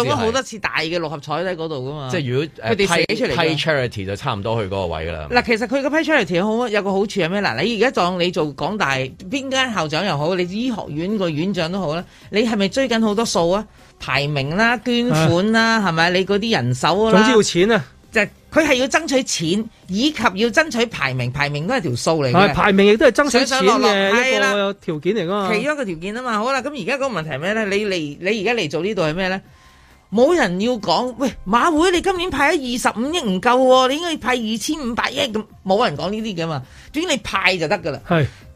咗好多次大嘅六合彩喺嗰度噶嘛。即係如果佢哋批出嚟批就差唔多去嗰個位啦。嗱，其實佢個批 charity 好有個好處係咩？嗱，你而家當你做港大邊間校長又好，你醫學院個院長都好啦，你係咪追緊好多數啊？排名啦，捐款啦，係咪、啊？你嗰啲人手啊，總之要錢啊！佢係要爭取錢，以及要爭取排名，排名都係條數嚟嘅。排名亦都係爭取錢嘅一個條件嚟噶的嘛。其中一個條件啊嘛，好啦，咁而家嗰個問題係咩咧？你嚟，你而家嚟做呢度係咩咧？冇人要講，喂，馬會，你今年派咗二十五億唔夠喎，你應該要派二千五百億咁，冇人講呢啲嘅嘛。總之你派就得噶啦。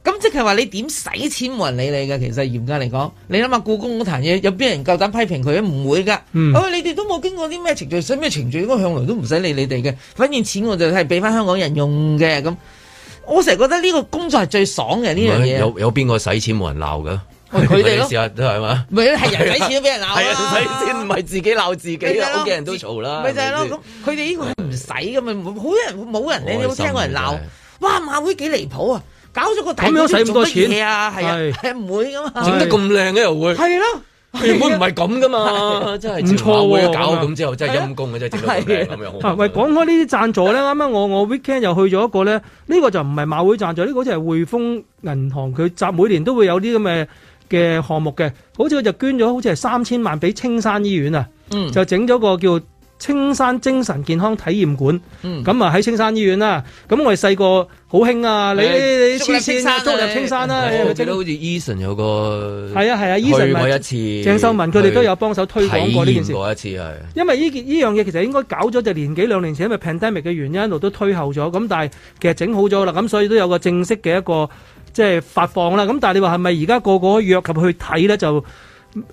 咁即係話你點使錢冇人理你噶，其實嚴格嚟講，你諗下故宮嗰壇嘢，有邊人夠膽批評佢啊？唔會噶。你哋都冇經過啲咩程序，使咩程序，應該向來都唔使理你哋嘅。反正錢我就係俾翻香港人用嘅咁。我成日覺得呢個工作係最爽嘅呢樣嘢。有有邊個使錢冇人鬧噶？佢哋咯，都係嘛？咪係人使錢都俾人鬧，唔係自己鬧自己啊，屋企人都嘈啦。咪就係咯，佢哋呢個係唔使噶嘛，好多人冇人理，你有冇聽過人鬧？哇，馬會幾離譜啊！搞咗個咁樣使咁多錢嘢啊，係啊，係唔會噶嘛？整得咁靚嘅又會係啦，唔會唔係咁噶嘛？真係唔錯喎，搞到咁之後真係陰功嘅，真係整到咁樣。喂，講開呢啲贊助咧，啱啱我我 weekend 又去咗一個咧，呢個就唔係馬會贊助，呢個好似係匯豐銀行佢集每年都會有啲咁嘅嘅項目嘅，好似佢就捐咗好似係三千萬俾青山醫院啊，嗯，就整咗個叫。青山精神健康體驗館，咁啊喺青山醫院啦。咁我哋細個好興啊！你你黐線啊，入青山啦、啊！其實都好似 Eason 有個，係啊係啊，Eason 咪鄭秀文佢哋都有幫手推廣過呢件事。一次因為呢件呢樣嘢其實應該搞咗就年幾兩年前，因為 pandemic 嘅原因一路都推後咗。咁但係其實整好咗啦，咁所以都有個正式嘅一個即係、就是、發放啦。咁但係你話係咪而家個個可以約及去睇咧就？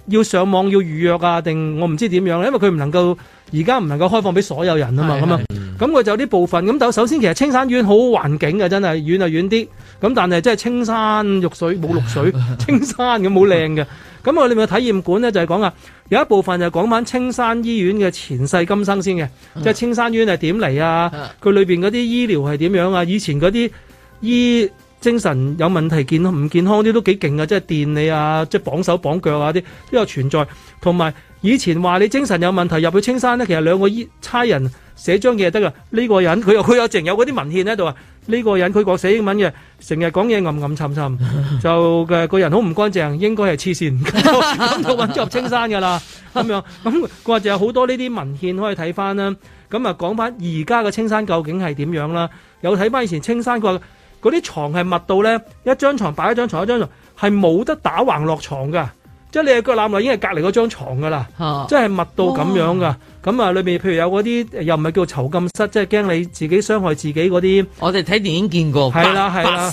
要上網要預約啊？定我唔知點樣，因為佢唔能夠而家唔能夠開放俾所有人啊嘛，咁啊，咁佢就有啲部分。咁但首先，其實青山醫院好環境啊，真係遠啊，遠啲。咁但係即係青山綠水冇綠水， *laughs* 青山咁冇靚嘅。咁我哋裏面嘅體驗館咧就係講啊，有一部分就講翻青山醫院嘅前世今生先嘅，即係青山院 *laughs* 醫院係點嚟啊？佢裏邊嗰啲醫療係點樣啊？以前嗰啲醫精神有問題，健唔健康啲都幾勁啊！即係電你啊，即係綁手綁腳啊啲都有存在。同埋以前話你精神有問題入去青山呢，其實兩個差人寫張嘢得噶。呢個人佢又佢有淨有嗰啲文獻喺度啊。呢個人佢講寫英文嘅，成日講嘢暗暗沉沉， *laughs* 就嘅個人好唔乾淨，應該係黐線，咁 *laughs* 就揾咗入青山噶啦。咁樣咁佢話就有好多呢啲文獻可以睇翻啦。咁啊講翻而家嘅青山究竟係點樣啦？有睇翻以前青山個。嗰啲床係密到咧，一張床擺一張床，一張床係冇得打橫落床㗎。即係你係個攬內已經係隔離嗰張牀㗎啦，即係密到咁樣噶。咁啊，裏面譬如有嗰啲又唔係叫囚禁室，即係驚你自己傷害自己嗰啲。我哋睇電影見過，白室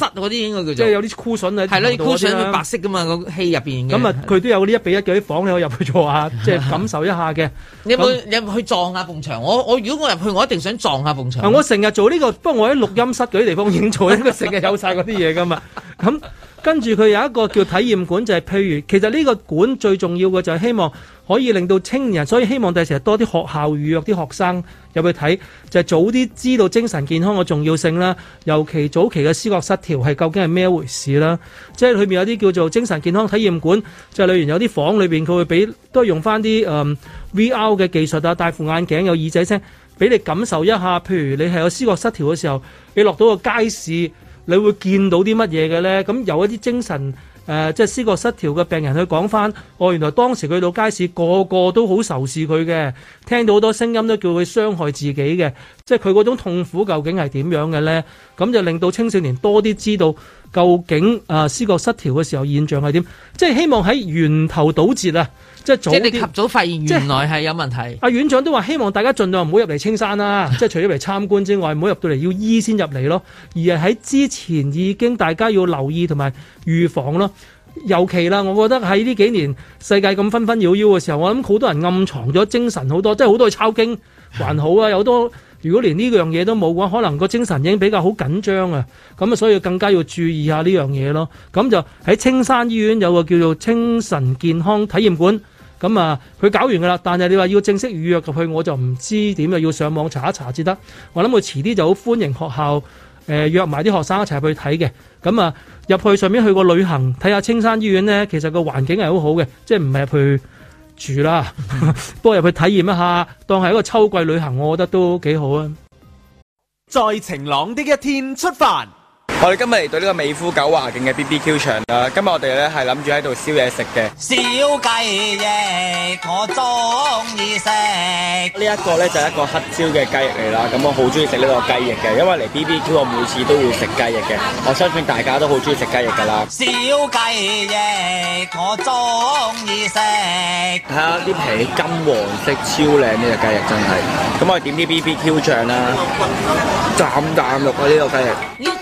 嗰啲應該叫做即係有啲枯筍啊。係咯，枯筍係白色噶嘛，個戲入邊。咁啊，佢都有嗰啲一比一嘅啲房你可以入去坐下，即係感受一下嘅。你有冇你去撞下墻牆？我我如果我入去，我一定想撞下墻牆。我成日做呢個，不過我喺錄音室嗰啲地方已經做一個成日有晒嗰啲嘢噶嘛。咁。跟住佢有一個叫體驗館，就係譬如，其實呢個館最重要嘅就係希望可以令到青年人，所以希望第時多啲學校預約啲學生入去睇，就係早啲知道精神健康嘅重要性啦。尤其早期嘅思覺失調係究竟係咩回事啦。即係裏面有啲叫做精神健康體驗館，就係例如有啲房裏邊佢會俾都係用翻啲誒 VR 嘅技術啊，戴副眼鏡有耳仔聲，俾你感受一下。譬如你係有思覺失調嘅時候，你落到個街市。你會見到啲乜嘢嘅呢？咁有一啲精神誒、呃，即係思覺失調嘅病人去講返，哦，原來當時佢到街市個個都好仇視佢嘅，聽到好多聲音都叫佢傷害自己嘅，即係佢嗰種痛苦究竟係點樣嘅呢？咁就令到青少年多啲知道究竟啊、呃、思覺失調嘅時候現象係點，即係希望喺源頭堵截啊！即係早啲及早發現，原來係有問題。阿是、啊、院長都話希望大家儘量唔好入嚟青山啦、啊， *laughs* 即係除咗嚟參觀之外，唔好入到嚟要醫先入嚟咯。而係喺之前已經大家要留意同埋預防咯。尤其啦，我覺得喺呢幾年世界咁紛紛擾擾嘅時候，我諗好多人暗藏咗精神好多，即係好多去抄經還好啊。有好多如果連呢樣嘢都冇嘅話，可能個精神已經比較好緊張啊。咁啊，所以更加要注意下呢樣嘢咯。咁就喺青山醫院有個叫做精神健康體驗館。咁啊，佢、嗯、搞完噶啦，但係你話要正式預約入去，我就唔知點啦，要上網查一查至得。我諗佢遲啲就好歡迎學校誒、呃、約埋啲學生一齊去睇嘅。咁、嗯、啊、入、嗯、去上面去個旅行，睇下青山醫院呢，其實個環境係好好嘅，即係唔係去住啦，不過入去體驗一下，當係一個秋季旅行，我覺得都幾好啊！在晴朗的一天出發。我哋今日嚟到呢個美孚九華徑嘅 B B Q 場啊！今日我哋咧係諗住喺度燒嘢食嘅。燒雞翼我中意食。呢一個咧就係一個黑椒嘅雞翼嚟啦。咁我好中意食呢個雞翼嘅，因為嚟 B B Q 我每次都會食雞翼嘅。我相信大家都好中意食雞翼噶啦。燒雞翼我中意食。睇下啲皮金黃色，超靚呢隻雞翼真係。咁我哋點啲 B B Q 醬啦，淡淡肉啊呢個雞翼。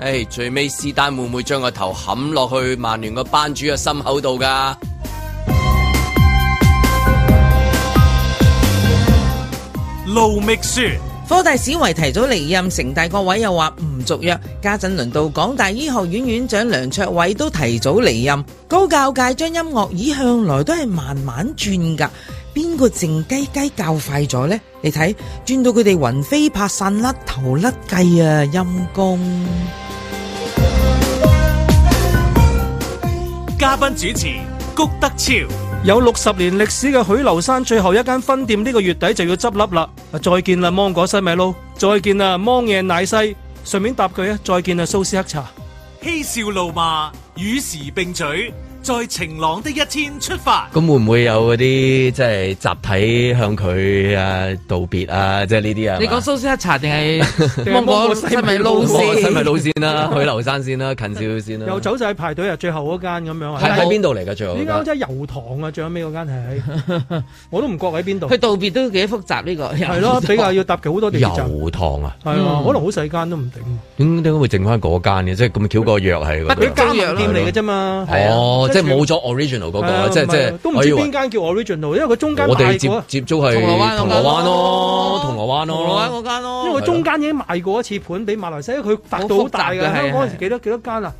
誒、哎，最尾斯丹會唔會將個頭冚落去曼聯個班主嘅心口度噶？盧覓雪，科大史維提早離任，城大個位又話唔續約，家陣輪到港大醫學院院長梁卓偉都提早離任。高教界將音樂椅向來都係慢慢轉噶，邊個靜雞雞教快咗呢？你睇轉到佢哋魂飛魄散甩頭甩雞啊！陰公。嘉賓主持谷德超，有六十年歷史嘅許留山最後一間分店呢個月底就要執笠啦！啊，再見啦，芒果西米撈，再見啦，芒椰奶西，順便答句啊，再見啊，蘇斯黑茶，嬉笑怒罵與時並舉。在晴朗的一天出發，咁會唔會有嗰啲即係集體向佢啊道別啊？即係呢啲啊？你講蘇先茶定係？我我使咪路線啦，去流山先啦，近少少先啦。又走曬排隊入最後嗰間咁樣係？喺邊度嚟㗎最後？應該即係油塘啊，最後尾嗰間係，我都唔覺喺邊度。佢道別都幾複雜呢個，係咯，比較要搭好多地方油塘啊，係啊，可能好細間都唔定。點解會剩翻嗰間嘅？即係咁巧個藥係乜嘢中藥店嚟嘅啫嘛？哦。即係冇咗 original 嗰、嗰個、啊、即係即係都唔知邊間以叫 original，因為佢中間過我哋接接觸係銅鑼灣咯、啊，銅鑼灣咯、啊,銅鑼灣嗰間咯。因為佢中間已經賣過一次盤俾馬來西亞，佢發到好大嘅。香港嗰陣時幾多幾多間啊？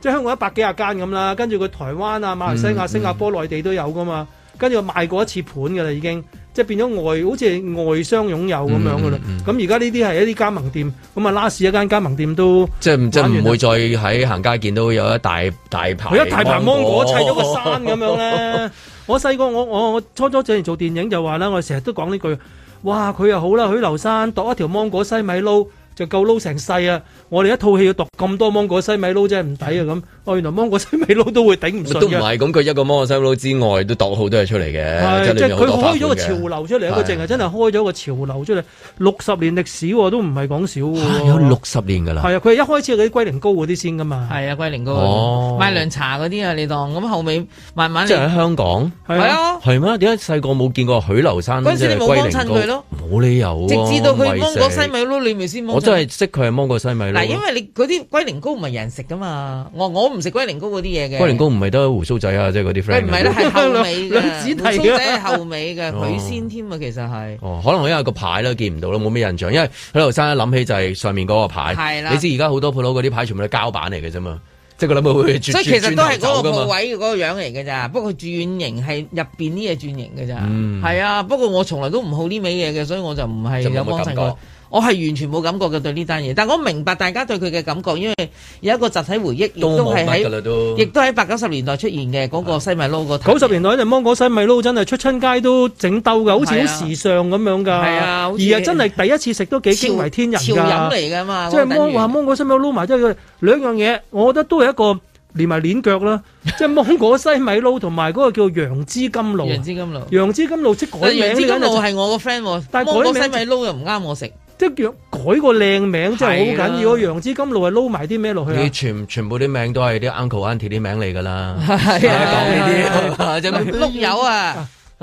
即係香港一百幾廿間咁啦。跟住佢台灣啊、馬來西亞、嗯、新加坡、內地都有噶嘛。跟住佢賣過一次盤嘅啦，已經。即係變咗外，好似係外商擁有咁樣噶啦。咁而家呢啲係一啲加盟店，咁啊拉市一間加盟店都即係唔會再喺行街見到有一大大排，一大排芒果砌咗個山咁樣咧、哦哦哦。我細個我我我初初做嚟做電影就話啦，我成日都講呢句，哇佢又好啦許留山，度一條芒果西米撈就夠撈成世啊！我哋一套戲要篤咁多芒果西米撈真係唔抵啊咁。嗯原來芒果西米撈都會頂唔順嘅。都唔係咁，佢一個芒果西米撈之外，都度好多嘢出嚟嘅。即佢開咗個潮流出嚟，佢個淨係真係開咗個潮流出嚟。六十年歷史都唔係講少。有六十年噶啦。係啊，佢一開始嗰啲龜苓膏嗰啲先噶嘛。係啊，龜苓膏賣涼茶嗰啲啊，你當咁後尾，慢慢即係喺香港係啊，係咩？點解細個冇見過許留山？嗰陣時你冇幫襯佢咯？冇理由，直至到佢芒果西米撈裏面先。我真係識佢係芒果西米撈。嗱，因為你嗰啲龜苓膏唔係人食噶嘛，我我。唔食龜苓膏嗰啲嘢嘅，龜苓膏唔係得胡鬚仔啊，即係嗰啲 friend。唔係 *laughs* 啦，係後尾嘅，胡鬚、啊、仔係後尾嘅，佢先添啊，其實係。哦，可能因為個牌咧見唔到啦，冇咩印象。因為許留山一諗起就係上面嗰個牌。係啦的。你知而家好多鋪頭嗰啲牌全部都膠板嚟嘅啫嘛，即係佢諗法會轉。所以其實都係嗰個部位嗰個樣嚟嘅咋，不過轉型係入邊啲嘢轉型嘅咋。嗯。係啊，不過我從來都唔好呢味嘢嘅，所以我就唔係有幫襯過。我係完全冇感覺嘅對呢單嘢，但我明白大家對佢嘅感覺，因為有一個集體回憶，亦都係喺亦都喺八九十年代出現嘅嗰個西米撈個。九十年代嗰陣，芒果西米撈真係出親街都整兜噶，好似好時尚咁樣㗎。而係真係第一次食都幾驚為天人㗎。潮飲嚟㗎嘛！即係芒果芒果西米撈埋，即係兩樣嘢，我覺得都係一個連埋鏈腳啦。即係芒果西米撈同埋嗰個叫楊枝甘露。楊枝甘露，楊枝甘露即改名。楊枝甘露係我個 friend，但係芒果西米撈又唔啱我食。即係改個靚名，啊、真係好緊要，啊！楊枝甘露係撈埋啲咩落去？你全全部啲名都係啲 uncle auntie 啲名嚟㗎啦，係啊，講啲碌柚啊！碌柚啊，碌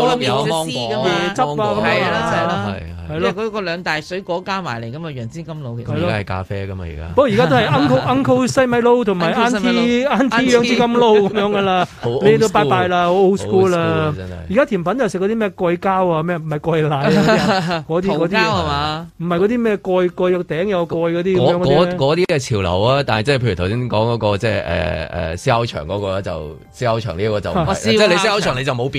柚啦，變咗絲咁樣汁噃，係啦，係係咯，即係嗰個兩大水果加埋嚟咁啊，楊枝甘露嚟。而家係咖啡㗎嘛，而家。不過而家都係 Uncle Uncle 西米露同埋 Auntie Auntie 楊枝甘露咁樣㗎啦。你都拜拜啦，Old School 啦。而家甜品就食嗰啲咩蓋膠啊，咩唔係蓋奶嗰啲嗰啲係嘛？唔係嗰啲咩蓋蓋有頂有蓋嗰啲。嗰嗰嗰啲係潮流啊！但係即係譬如頭先講嗰個即係誒誒燒腸嗰個咧，就燒腸呢個就唔係，即係你燒腸你就冇變。其實燒腸係永恆嘅，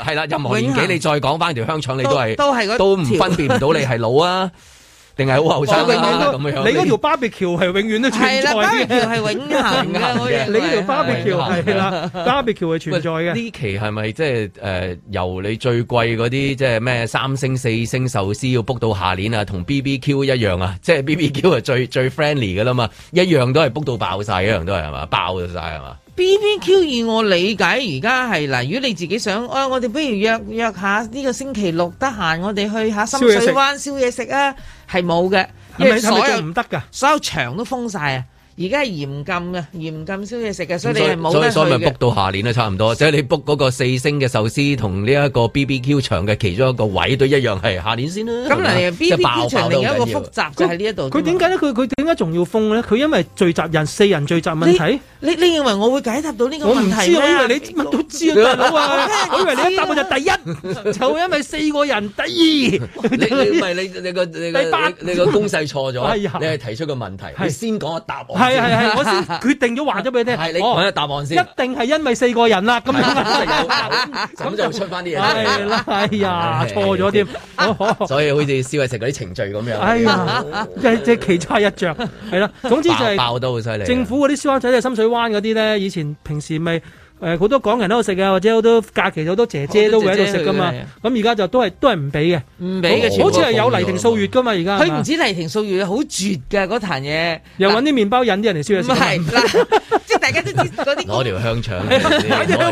係啦，任何年紀你再講翻條香腸，你都係都唔分辨唔到你係老啊，定係好後生咁樣。你嗰條巴比橋係永遠都存在嘅，橋係永恆嘅。你嗰條巴比橋係啦，巴比橋係存在嘅。呢期係咪即係誒由你最貴嗰啲即係咩三星四星壽司要 book 到下年啊？同 B B Q 一樣啊，即係 B B Q 係最最 friendly 嘅啦嘛，一樣都係 book 到爆晒，一樣都係係嘛，爆晒，係嘛。B B Q 以我理解而家係嗱，如果你自己想，啊、哎、我哋不如約約下呢個星期六得閒，我哋去下深水灣燒嘢食啊，係冇嘅，是是因為所有唔得噶，是是所有場都封晒啊！而家係嚴禁嘅，嚴禁燒嘢食嘅，所以你係冇咩去，所以咪 book 到下年都差唔多，所以你 book 嗰個四星嘅壽司同呢一個 BBQ 場嘅其中一個位都一樣係下年先啦。咁嚟 BBQ 場又有個複雜就喺呢一度。佢點解咧？佢佢點解仲要封咧？佢因為聚集人四人聚集問題。你你認為我會解答到呢個問題咩？我唔知，我以為你乜都知啊，大佬啊！我以為你答案就第一，就因為四個人，第二，你唔係你你個你個你個攻勢錯咗，你係提出個問題，你先講個答案。係係係， *laughs* 是是是，我先決定咗還咗俾你聽。係 *laughs* 你揾個答案先，哦、一定係因為四個人啦咁樣。咁 *laughs* 就出翻啲嘢出嚟。係啦，哎呀，錯咗添。所以好似燒惠城嗰啲程序咁樣。 *laughs* 哎呀， *laughs* 即係其中一着。係啦， *laughs* 總之就係爆都好犀利。政府嗰啲燒鷄仔咧，深水灣嗰啲咧，以前平時咪。誒好多港人都喺度食啊，或者好多假期好多姐姐都喺度食噶嘛。咁而家就都係都係唔俾嘅，唔俾嘅。好似係有黎停數月噶嘛，而家佢唔知黎停數月，好絕嘅嗰壇嘢。又揾啲麵包引啲人嚟燒嘢。即係大家都知嗰啲攞條香腸，攞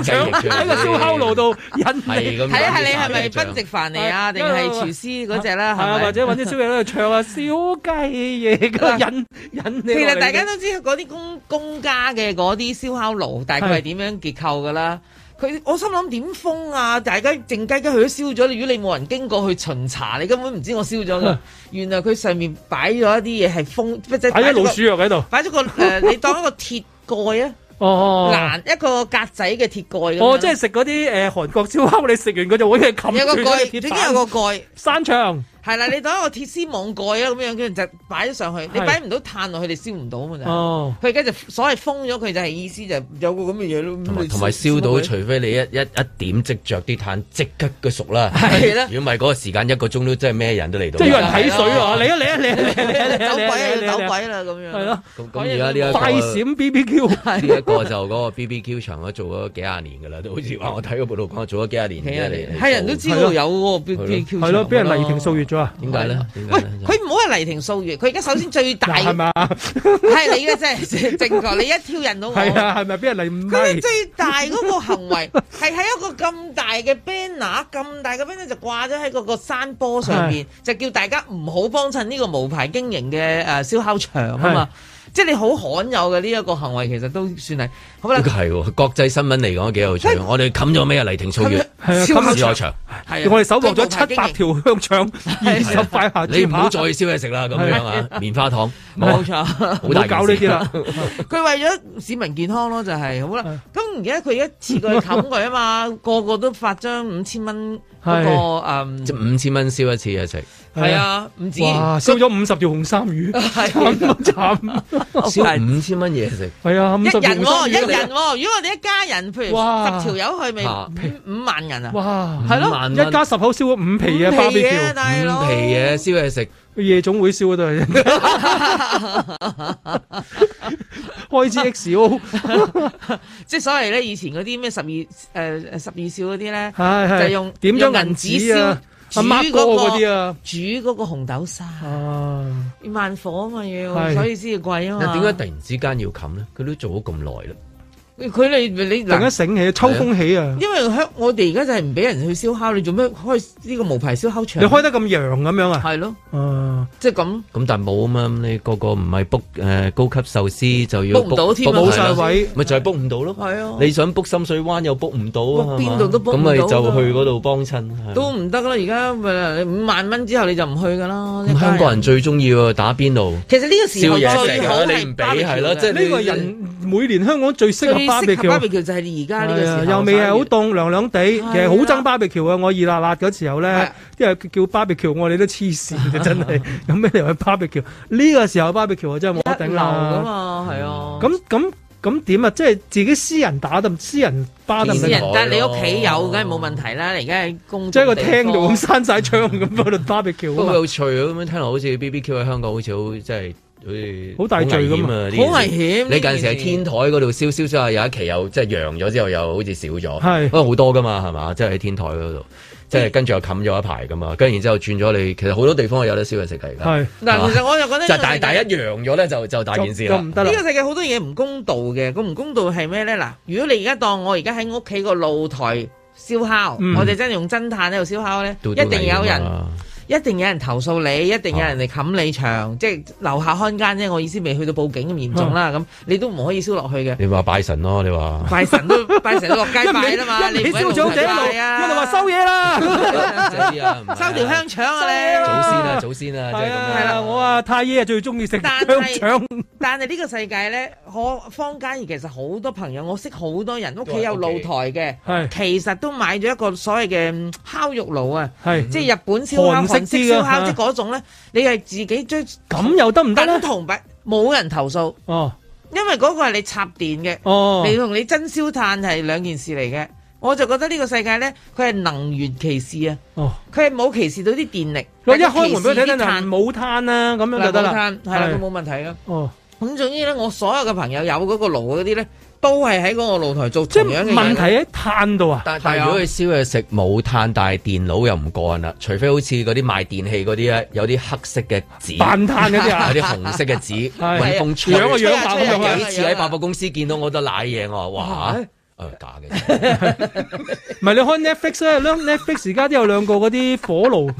雞翼喺個燒烤爐度引，嚟。睇下你係咪不食飯嚟啊？定係廚師嗰隻啦，或者揾啲燒嘢喺度唱啊，燒雞嘢引引你。其實大家都知嗰啲公公家嘅嗰啲燒烤爐大概係點樣結？扣噶啦！佢我心諗點封啊？大家靜雞雞佢都燒咗。如果你冇人經過去巡查，你根本唔知我燒咗。原來佢上面擺咗一啲嘢係封，擺咗、哎、老鼠藥喺度，擺咗個誒、 *laughs* 呃，你當一個鐵蓋啊，哦，欄一個格仔嘅鐵蓋。哦，哦即係食嗰啲誒韓國燒烤，你食完佢就會嘅冚住。有個蓋，已經有個蓋？山場。係啦，你當一個鐵絲網蓋啊咁樣，佢就擺咗上去，你擺唔到炭落去，你燒唔到嘛。佢而家就所謂封咗，佢就係意思就有個咁嘅嘢咯。同埋燒到，除非你一一一點即着啲炭，即刻嘅熟啦。如果唔係嗰個時間一個鐘都真係咩人都嚟到。即有人睇水啊！嚟啊嚟啊嚟你嚟你走鬼啊要走鬼啦咁樣。係咯，咁而家呢一個快閃 B B Q，呢一個就嗰個 B B Q 場咧做咗幾廿年噶啦，都好似話我睇個報道講做咗幾廿年。幾廿年，係人都知道有 B B Q。係俾人黎月咗。點解咧？佢唔好係雷霆掃月，佢而家首先最大係嘛？係 *laughs* 是嗎 *laughs* 你嘅真係正確，你一挑人到我係 *laughs* 啊，係咪邊人嚟？佢最大嗰個行為係喺 *laughs* 一個咁大嘅 banner，咁大嘅 banner 就掛咗喺嗰個山坡上邊，的就叫大家唔好幫襯呢個無牌經營嘅誒燒烤場啊嘛。的即係你好罕有嘅呢一個行為，其實都算係。咁啊，係喎，國際新聞嚟講都幾有趣。我哋冚咗咩啊？雷霆掃月，超長。我哋收穫咗七百條香腸，二十塊，你唔好再燒嘢食啦，咁樣啊！棉花糖，冇錯，好大件事。佢為咗市民健康咯，就係好啦。咁而家佢一次過冚佢啊嘛，個個都發張五千蚊。不過嗯，即五千蚊燒一次嘢食，係啊，唔止，哇，燒咗五十條紅衫魚，係，慘慘，燒五千蚊嘢食，係啊，一人一人，如果我哋一家人，譬如十條友去，咪五萬人啊，哇，係咯，一家十口燒咗五皮嘢，五皮嘢，五皮嘢燒嘢食。夜總會燒都度，開 *music* G X O， *laughs* 即係所謂咧，以前嗰啲咩十二誒誒十二少嗰啲咧，就係、用點張銀紙燒煮嗰、啊啊、個煮嗰個紅豆沙，啊、要慢火啊嘛要是，所以先至貴啊嘛。點解突然之間要冚咧？佢都做咗咁耐啦。佢哋你突然間醒起，秋風起啊！因為香，我哋而家就係唔俾人去燒烤，你做咩開呢個無牌燒烤場？你開得咁揚咁樣啊？係咯，啊，即係咁咁，但係冇啊嘛，咁你個個唔係 book 誒高級壽司就要 book 唔到添，冇晒位，咪就係 book 唔到咯，係啊！你想 book 深水灣又 book 唔到啊，邊度都 book 唔到，咁咪就去嗰度幫襯，都唔得啦！而家咪五萬蚊之後你就唔去噶啦。咁香港人最中意喎打邊爐，其實呢個時候最好係呢個人。每年香港最適合 barbecue 就係而家呢個時候，又未係好凍，涼涼地， *laughs* 其實好憎 barbecue 我熱辣辣嗰時候咧， *laughs* 因為叫 barbecue 我哋都黐線嘅，真係。有咩理由去 barbecue 呢個時候 barbecue 真係冇頂 *laughs* 流噶嘛，係啊。咁咁咁點啊？即係自己私人打定，私人 barbecue 得唔得？但係你屋企有，梗係冇問題啦。你而家喺公即係個廳度咁，閂晒窗咁喺度 barbecue 好有趣啊！咁樣聽落好似 BBQ 喺香港好似好即係。好大罪噶嘛，啊，好危險！你近時喺天台嗰度燒燒燒下，有一期又即係揚咗之後又好似少咗，係不過好多噶嘛，係嘛，即係喺天台嗰度，即係跟住又冚咗一排噶嘛，跟住然之後轉咗你，其實好多地方有得燒嘅食噶，係是吧但其實我就覺得 *laughs* 但但就係第一揚咗咧，就就大件事啦，唔得啦！呢個世界好多嘢唔公道嘅，咁唔公道係咩咧？嗱，如果你而家當我而家喺屋企個露台燒烤，嗯、我哋真係用偵探喺度燒烤咧，一定有人、嗯。一定有人投訴你，一定有人嚟冚你場，即係樓下看監看更啫。我意思未去到報警咁嚴重啦，咁你都唔可以燒落去嘅。你話拜神咯，你話拜神都拜神都落街拜啦嘛，你燒上井度啊，一路話收嘢啦，收條香腸啊你。早先啊，早先啊，係啊，係啦，我啊太爺啊最中意食大腸。但係呢個世界咧，我坊間其實好多朋友，我識好多人屋企有露台嘅，其實都買咗一個所謂嘅烤肉爐啊，即係日本燒烤食燒烤即嗰種咧，你係自己將咁又得唔得咧？同埋冇人投訴哦，因為嗰個係你插電嘅哦，你同你真燒炭係兩件事嚟嘅。我就覺得呢個世界咧，佢係能源歧視啊，佢係冇歧視到啲電力。一開門俾佢睇，得，冇炭啊，咁樣就得啦，係啦，冇問題噶。哦，咁至於咧，我所有嘅朋友有嗰個爐嗰啲咧。都係喺嗰個露台做同樣，即係問題喺炭度啊！但係如果你燒嘢食冇炭，但係電腦又唔干啦。除非好似嗰啲賣電器嗰啲咧，有啲黑色嘅紙，炭炭嗰啲啊，有啲紅色嘅紙，搵風吹。樣啊樣法咁樣。幾次喺百貨公司見到我都瀨嘢我，話哇、啊！誒、啊，假嘅、啊。唔係你開 Netflix 咧、啊、，Netflix 而、啊、家 *laughs* 都有兩個嗰啲火爐。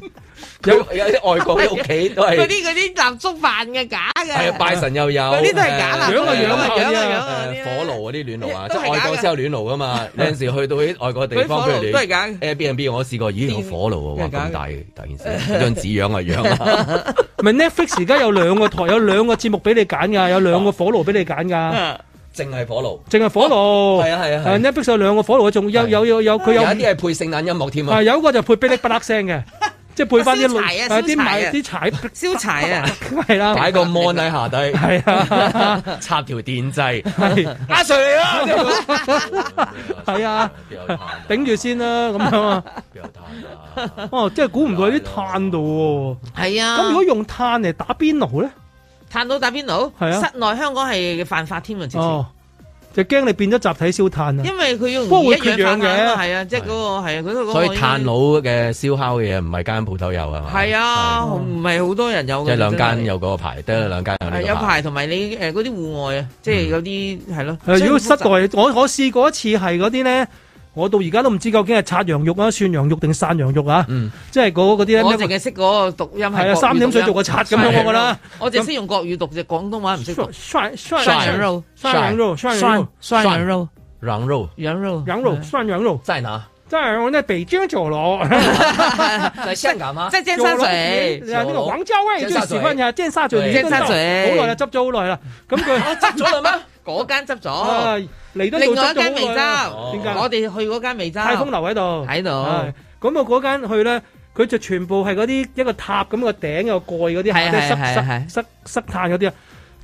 *laughs* 有有啲外國嘅屋企都係嗰啲嗰啲蠟燭飯嘅假嘅，係啊，拜神又有嗰啲都係假啦，樣啊火爐嗰啲暖爐啊，即係外國先有暖爐噶嘛。有陣時去到啲外國地方，佢哋都係揀 Airbnb 我試過，咦有火爐喎，咁大大件事，張紙樣啊樣啊！咪 Netflix 而家有兩個台，有兩個節目俾你揀㗎，有兩個火爐俾你揀㗎，淨係火爐，淨係火爐。係啊係啊，Netflix 有兩個火爐，仲有有有有佢有啲係配聖誕音樂添啊，有個就配噼哩啪啦聲嘅。即係背翻啲爐，買啲柴，燒柴啊，係啦，擺個 mon 喺下底，係啊，插條電掣，阿 Sir 嚟啦，係啊，頂住、啊啊 *laughs* 啊、先啦、啊，咁樣啊，哦、啊啊，即係估唔到有啲炭度喎，係啊，咁、 *laughs* 啊、如果用炭嚟打邊爐咧，炭爐打邊爐，係啊，室內香港係犯法添啊，之前。就驚你變咗集體燒炭啊！因為佢用，不過會變樣嘅，係啊，即係個係啊，所以炭佬嘅燒烤嘢唔係間鋪頭有啊，係啊，唔係好多人有，即係兩間有嗰個牌，得兩間係有牌，同埋你，誒嗰啲戶外啊，即係有啲係咯。如果室內，我我試過一次係嗰啲咧。我到而家都唔知究竟係涮羊肉啊、涮羊肉定涮羊肉啊，即係嗰啲咧。我淨係識嗰個讀音係。係啊，三點水做個涮咁樣，我覺得。我淨係識用國語讀，只廣東話唔識讀。涮羊肉，涮羊肉，涮羊肉，涮羊肉，羊肉，羊肉，涮羊肉。在哪？涮羊肉咧，北京酒樓。喺香港嗎？在尖沙咀酒樓。王家衞就喜歡去尖沙咀，你都知。好耐啦，執咗好耐啦。咁佢執咗啦咩？嗰間執咗，嚟另外間未執，我哋去嗰間未執，太空樓喺度，喺度。咁啊嗰間去咧，佢就全部係嗰啲一個塔咁個頂個蓋嗰啲，即係塞塞塞塞炭嗰啲啊。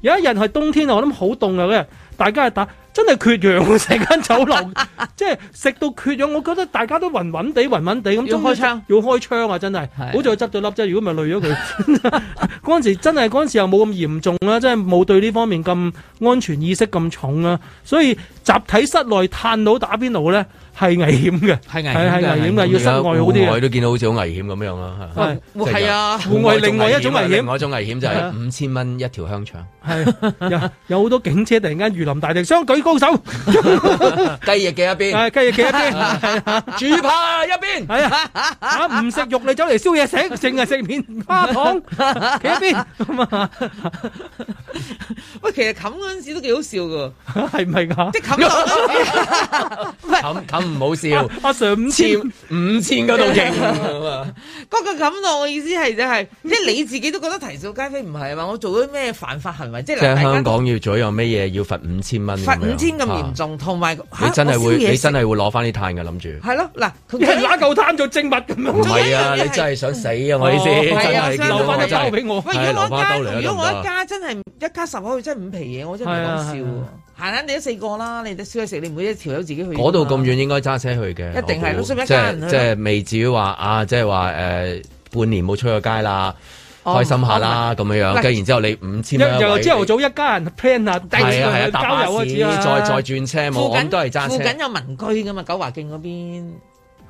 有一日係冬天啊，我諗好凍啊，嗰日大家係打。真係缺氧喎！成間酒樓， *laughs* 即係食到缺氧，我覺得大家都暈暈地、暈暈地咁。要開窗，要開窗啊！真係，唔好再執咗粒啫。如果咪累咗佢，嗰 *laughs* 陣時真係嗰陣時又冇咁嚴重啦，真係冇對呢方面咁安全意識咁重啦。所以集體室內嘆到打邊爐咧係危險嘅，係危險嘅，要室外好啲。外都見到好似好危險咁樣啦，係係啊！戶的的外另外一種危險，另外一種危險就係五千蚊一條香腸，係有好多警車突然間如臨大敵，雙舉。高手雞翼企一邊，係雞翼企一邊，係主一邊，係啊，唔食肉你走嚟燒嘢食，淨係食麵。花糖企一邊啊喂，其實冚嗰陣時都幾好笑噶，係咪？係即係冚冚冚唔好笑。阿 s 五千五千嗰度勁啊嘛。嗰個冚落嘅意思係就係，即係你自己都覺得啼笑皆非，唔係啊嘛？我做咗咩犯法行為？即係香港要咗有咩嘢要罰五千蚊咁樣。天咁嚴重，同埋你真係會，你真係會攞翻啲炭嘅諗住。係咯，嗱，你係攞嚿炭做精物咁樣。唔係啊，你真係想死啊！我意思係啊，攞翻嚟包俾我。如果我一家，如果我一家真係一家十，我真係五皮嘢，我真係唔講笑。閒閒哋都四個啦，你哋燒嘢食，你唔會一條友自己去。嗰度咁遠，應該揸車去嘅。一定係，一家人即係未至於話啊，即係話誒半年冇出過街啦。開心下啦，咁樣樣。跟住，然之後你五千蚊又朝頭早一家人 plan 啊，第二交友啊，巴士，再再轉車，冇，都係揸車。附近有民居噶嘛，九華徑嗰邊，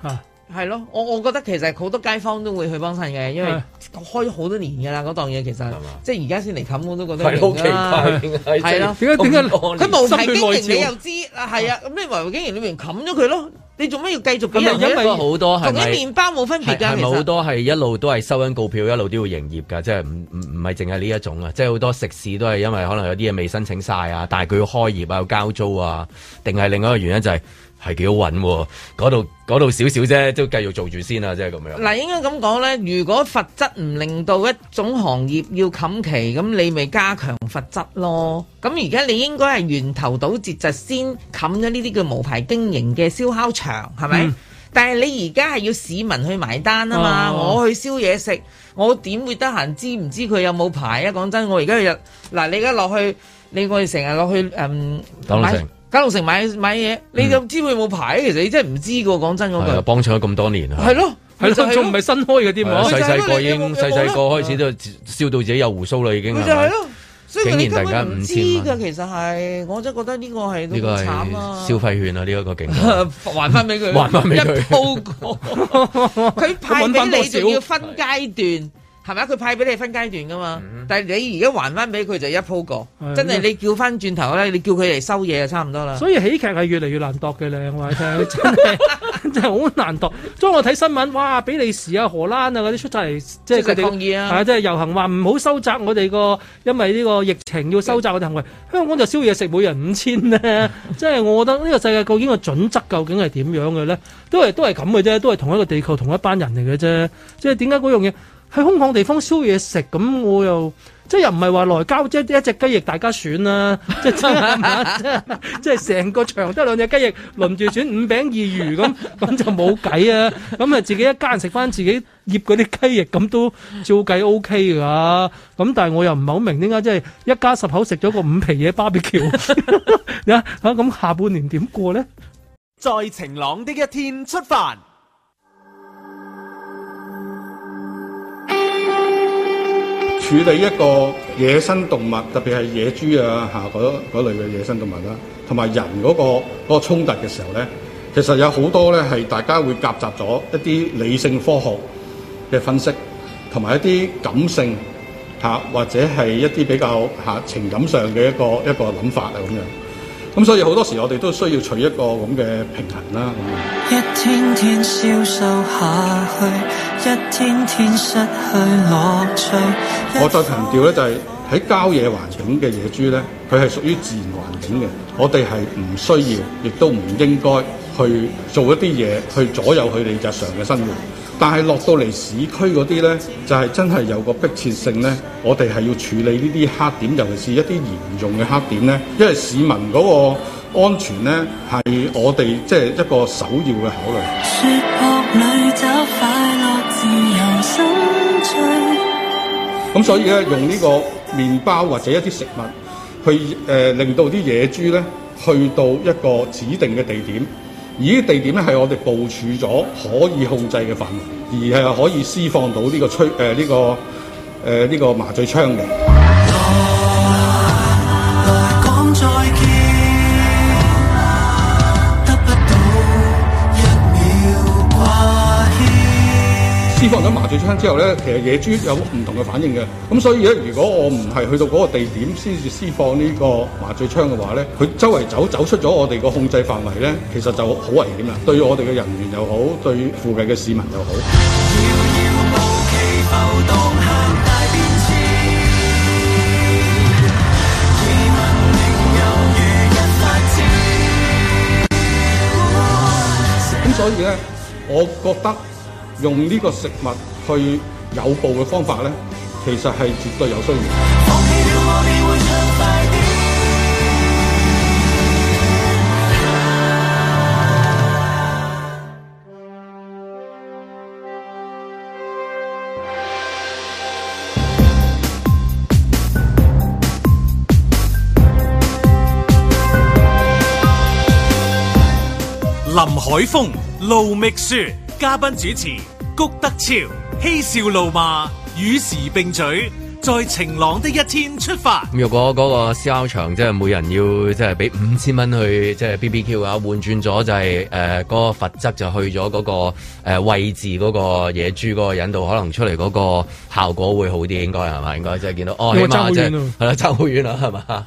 係係咯。我我覺得其實好多街坊都會去幫襯嘅，因為開咗好多年噶啦，嗰檔嘢，其實，即係而家先嚟冚，我都覺得好奇怪，係咯？點解點解佢無牌經營你又知啊？係啊，咁你無牌經營你咪冚咗佢咯。你做咩要繼續噉樣？是是，因為好多係同啲麵包冇分別噶，好多係一路都係收緊告票，一路都要營業噶，即係唔唔唔係淨係呢一種啊！即係好多食肆都係因為可能有啲嘢未申請晒啊，但係佢要開業啊，要交租啊，定係另外一個原因就係、是。係幾好穩喎？嗰度度少少啫，都繼續做住先啦，啊，即係咁樣。嗱，應該咁講咧，如果罰則唔令到一種行業要冚期，咁你咪加強罰則咯。咁而家你應該係源頭堵截就先冚咗呢啲叫無牌經營嘅燒烤場，係咪？嗯、但係你而家係要市民去埋單啊嘛！嗯、我去燒嘢食，我點會得閒知唔知佢有冇牌啊？講真，我而家日嗱，你而家落去，你我哋成日落去誒，嗯等了 家樂城買買嘢，你就知佢冇牌？其實你真係唔知噶，講真嗰句。係啊，幫襯咗咁多年啊。係咯，係咯，仲唔係新開嘅店？細細個已經細細個開始都笑到自己有胡鬚啦，已經係咪？就係咯，竟然大家唔知噶，其實係，我真係覺得呢個係呢個係慘啊，消費券啊，呢一個競爭。還翻俾佢，還翻俾佢。佢派俾你，仲要分階段。係咪？佢派俾你分階段噶嘛？嗯、但係你而家還翻俾佢就一鋪過，嗯、真係你叫翻轉頭咧，嗯、你叫佢嚟收嘢就差唔多啦。所以喜劇係越嚟越難度嘅咧，我睇 *laughs* 真係真係好難度。當我睇新聞，哇！比利時啊、荷蘭啊嗰啲出晒嚟，即係佢哋係啊，即係、啊就是、遊行話唔好收窄我哋個，因為呢個疫情要收窄我哋嘅行為。香港就宵夜食，每人五千呢。即係 *laughs* *laughs* 我覺得呢個世界究竟個準則究竟係點樣嘅咧？都係都係咁嘅啫，都係同一個地球同一班人嚟嘅啫。即係點解嗰樣嘢？喺空曠地方燒嘢食，咁我又即係又唔係話來交，即一隻雞翼大家選啦、啊， *laughs* 即係即係成個場得兩隻雞翼輪住選五餅二魚咁，咁就冇計啊！咁啊自己一家人食翻自己醃嗰啲雞翼，咁都照計 O K 噶。咁但係我又唔係好明點解即係一家十口食咗個五皮嘢芭比 Q 啊！吓咁下半年點過呢？在晴朗的一天出發。處理一個野生動物，特別係野豬啊嚇嗰、啊、類嘅野生動物啦，同、啊、埋人嗰、嗰個嗰、嗰個、衝突嘅時候呢，其實有好多呢係大家會夾雜咗一啲理性科學嘅分析，同埋一啲感性嚇、啊，或者係一啲比較嚇、啊、情感上嘅一個一個諗法啊咁樣。咁、啊、所以好多時我哋都需要取一個咁嘅平衡啦。咁、啊、一天天消瘦下去。一天天失去樂趣，就是。我再強調咧，就係喺郊野環境嘅野豬咧，佢係屬於自然環境嘅，我哋係唔需要，亦都唔應該去做一啲嘢，去左右佢哋日常嘅生活。但係落到嚟市區嗰啲咧，就係、是、真係有個迫切性咧，我哋係要處理呢啲黑點，尤其是一啲嚴重嘅黑點咧，因為市民嗰個安全咧係我哋即係一個首要嘅考慮。咁、嗯、所以咧，用呢個麵包或者一啲食物去，去、呃、誒令到啲野豬咧，去到一個指定嘅地點，而啲地點咧係我哋部署咗可以控制嘅範圍，而係可以施放到呢個吹誒呢、呃這個誒呢、呃這個麻醉槍嘅。 *music* 放咗麻醉槍之後咧，其實野豬有唔同嘅反應嘅，咁所以咧，如果我唔係去到嗰個地點先至施放呢個麻醉槍嘅話咧，佢周圍走走出咗我哋個控制範圍咧，其實就好危險啦，對於我哋嘅人員又好，對於附近嘅市民又好。咁所以咧，我覺得。用呢個食物去有報嘅方法咧，其實係絕對有需要的。林海峰、盧覓雪。嘉賓主持谷德昭，嬉笑怒罵與時並舉，在晴朗的一天出發。咁如果嗰個燒烤場即係每人要即係俾五千蚊去即係 B B Q 啊、就是，換轉咗就係誒嗰個罰則就去咗嗰、那個誒、呃、位置嗰個野豬嗰個引導，可能出嚟嗰個效果會好啲，應該係嘛？應該即係見到哦，起碼即係啦，爭好遠啦，係嘛？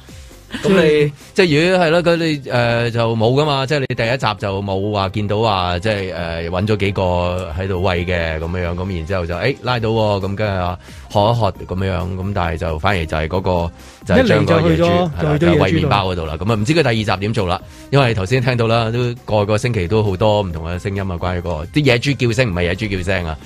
咁、嗯、你即係如果係咯，佢你誒就冇噶嘛，即係、哎呃、你第一集就冇話見到話即係誒搵咗幾個喺度餵嘅咁樣咁然之後就誒拉、欸、到，咁跟住學一學咁樣咁，但係就反而就係嗰、嗰個就係將咗野豬喂麵、就是、包嗰度啦，咁啊唔知佢第二集點做啦？因為頭先聽到啦，都個個星期都好多唔同嘅聲音啊，關於、嗰個啲野豬叫聲唔係野豬叫聲啊。